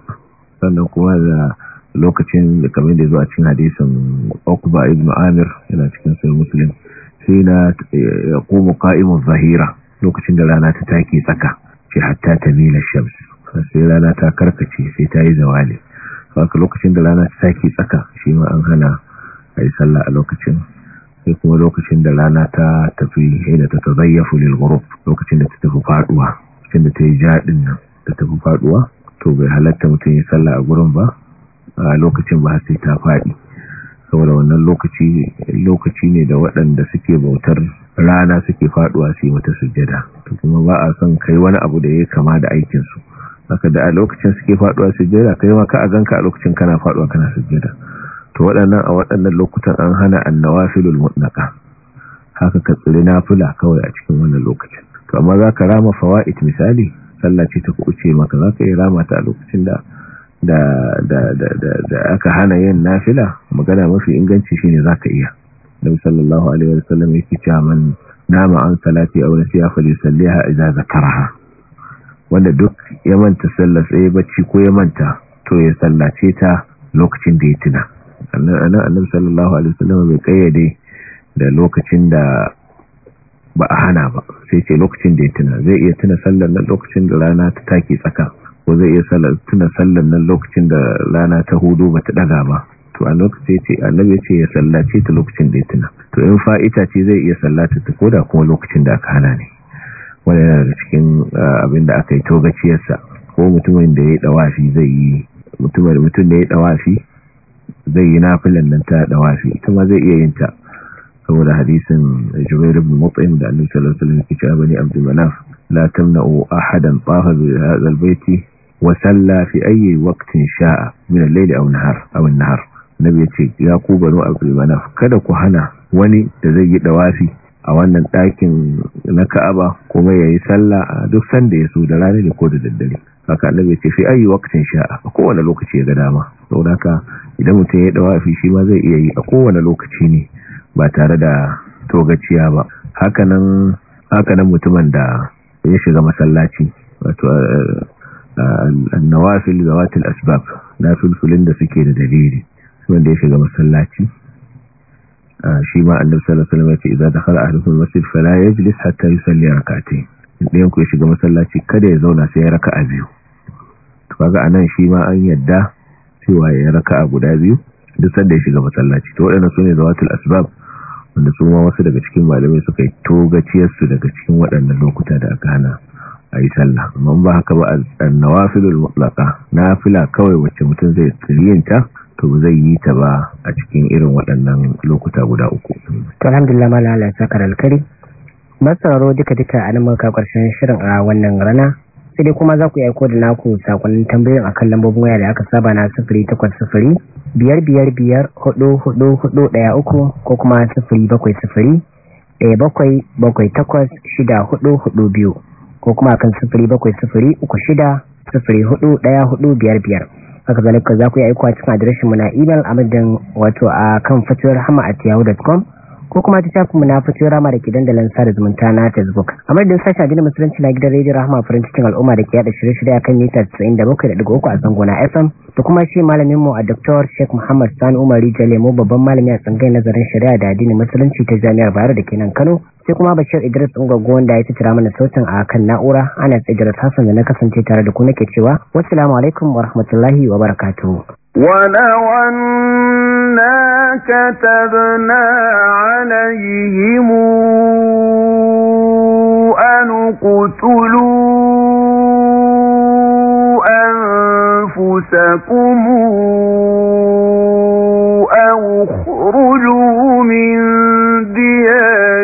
sannan kuma da lokacin da kamar da zuwa cikin hadisan Uqba ibn Amir yana cikin sai musulun, sai na koma eh, ka'imun zahira lokacin da rana ta take tsaka ce hatta tamila shams sai rana ta karkace sai ta yi zawali haka lokacin da rana ta take tsaka shi an hana a sallah a lokacin sai kuma lokacin da rana ta tafi haida ta tazayyafu fulil lokacin da ta tafi faduwa lokacin da ta yi jadin nan ta tafi faduwa to bai halatta mutum yi sallah a gurin ba a lokacin ba sai ta faɗi. saboda wannan lokaci lokaci ne da waɗanda suke bautar rana suke faduwa su yi mata sujjada to kuma ba a son kai wani abu da ya kama da aikinsu. su haka da a lokacin suke faduwa sujjada kai ma ka a ganka a lokacin kana faduwa kana sujjada to waɗannan a waɗannan lokutan an hana annawafilul mutlaqa haka ka tsiri nafila kawai a cikin wannan lokacin to amma za ka rama fawaid misali sallaci ta ta kuce maka za ka yi rama ta a lokacin da da da da da aka hana yin nafila magana mafi inganci shine za ka iya nabi sallallahu alaihi wasallam yake cewa man nama an salati aw nasiya fa yusalliha idza zakaraha wanda duk ya manta sallah sai bacci ko ya manta to ya sallace ta lokacin da ya tuna annabi sallallahu alaihi wasallam bai kayyade da lokacin da ba a hana ba sai ce lokacin da ya tuna zai iya tuna sallar nan lokacin da rana ta take tsaka ko zai iya tuna sallar nan lokacin da rana ta hudu ba ta daga ba to a lokacin ce annabi ya ce ya sallace ta lokacin da ya tuna to in fa'ita ce zai iya sallata ta koda kuma lokacin da aka hana ne wanda yana da cikin ah, abin da aka yi togaciyarsa ko mutumin da ya yi dawafi zai yi mutumin da ya yi dawafi zai yi nafilan nan ta ɗawafi, ita ma zai iya yin ta saboda hadisin Jubair ibn Mut'im da Annabi sallallahu alaihi wasallam ya ce bani Abdul Manaf la tamna'u ahadan tafa bi hadha al-bayti wa salla fi ayyi waqtin sha'a min al-layli aw nahar aw an-nahar nabi ya ce ya ku banu Abdul Manaf kada ku hana wani da zai yi dawafi a wannan ɗakin na ka'aba kuma ya yi sallah a duk sanda ya so da rani da ko da daddare haka annabi ce fi ayi wakacin sha'a a kowane lokaci ya ga dama da haka idan mutum ya ɗawa fi shi ma zai iya yi a kowane lokaci ne ba tare da togaciya ba hakanan mutumin da ya shiga masallaci wato annawafil zawatin asbab na sulsulin da suke da dalili wanda ya shiga masallaci shi ma annabi sallallahu alaihi wasallam ya ce idza dakhala ahadukum masjid fala yajlis hatta yusalli rak'atayn idan ku shiga masallaci kada ya zauna sai ya raka'a biyu to kaga anan shi ma an yadda cewa ya raka'a guda biyu duk sanda ya shiga masallaci to waɗannan sune zawatul asbab wanda su ma wasu daga cikin malamai suka yi togaciyar su daga cikin waɗannan lokuta da aka hana a yi sallah amma ba haka ba an nawafilul mutlaqa nafila kawai wacce mutum zai tsiriyanta to zai yi ta ba a cikin irin waɗannan lokuta guda uku alhamdulillah ma lalata sakar alkari masararo duka duka a nan muka karshen shirin a wannan rana sai dai kuma za ku yi aiko da naku tambayin tambayoyin kan lambobin waya da aka saba na sifiri takwas sifiri biyar biyar biyar hudu hudu hudu uku ko kuma sifiri bakwai sifiri ɗaya bakwai bakwai takwas shida hudu hudu biyu ko kuma akan sifiri bakwai sifiri uku shida hudu hudu biyar biyar haka zalika za ku yi aiko a cikin adireshinmu na imel a madadin wato a kan fatuwar hama a tiyahu.com ko kuma ta shafi mu na rama rama da ke dandalin sa da zumunta na facebook a madadin sashi gina musulunci na gidan rediyo rahama farin cikin al'umma da ke yada shirye-shirye a kan mita 97.3 a zango na fm da kuma shi malamin mu a dr sheikh muhammad sani umar jalemo babban malami a tsangayin nazarin shari'a da addinin musulunci ta jami'ar bayar da ke nan kano sai kuma bashir idris ungwaggo wanda ya fitira mana sautin a kan na'ura ana idris hassan da na kasance tare da ku nake cewa wassalamu alaikum wa rahmatullahi wa barakatu ولو أنا كتبنا أنفسكم أو اخرجوا من diyar?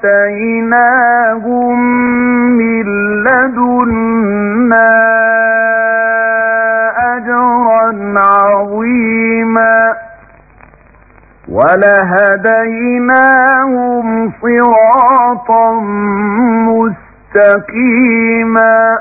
آتَيْنَاهُم مِّن لَّدُنَّا أَجْرًا عَظِيمًا وَلَهَدَيْنَاهُمْ صِرَاطًا مُّسْتَقِيمًا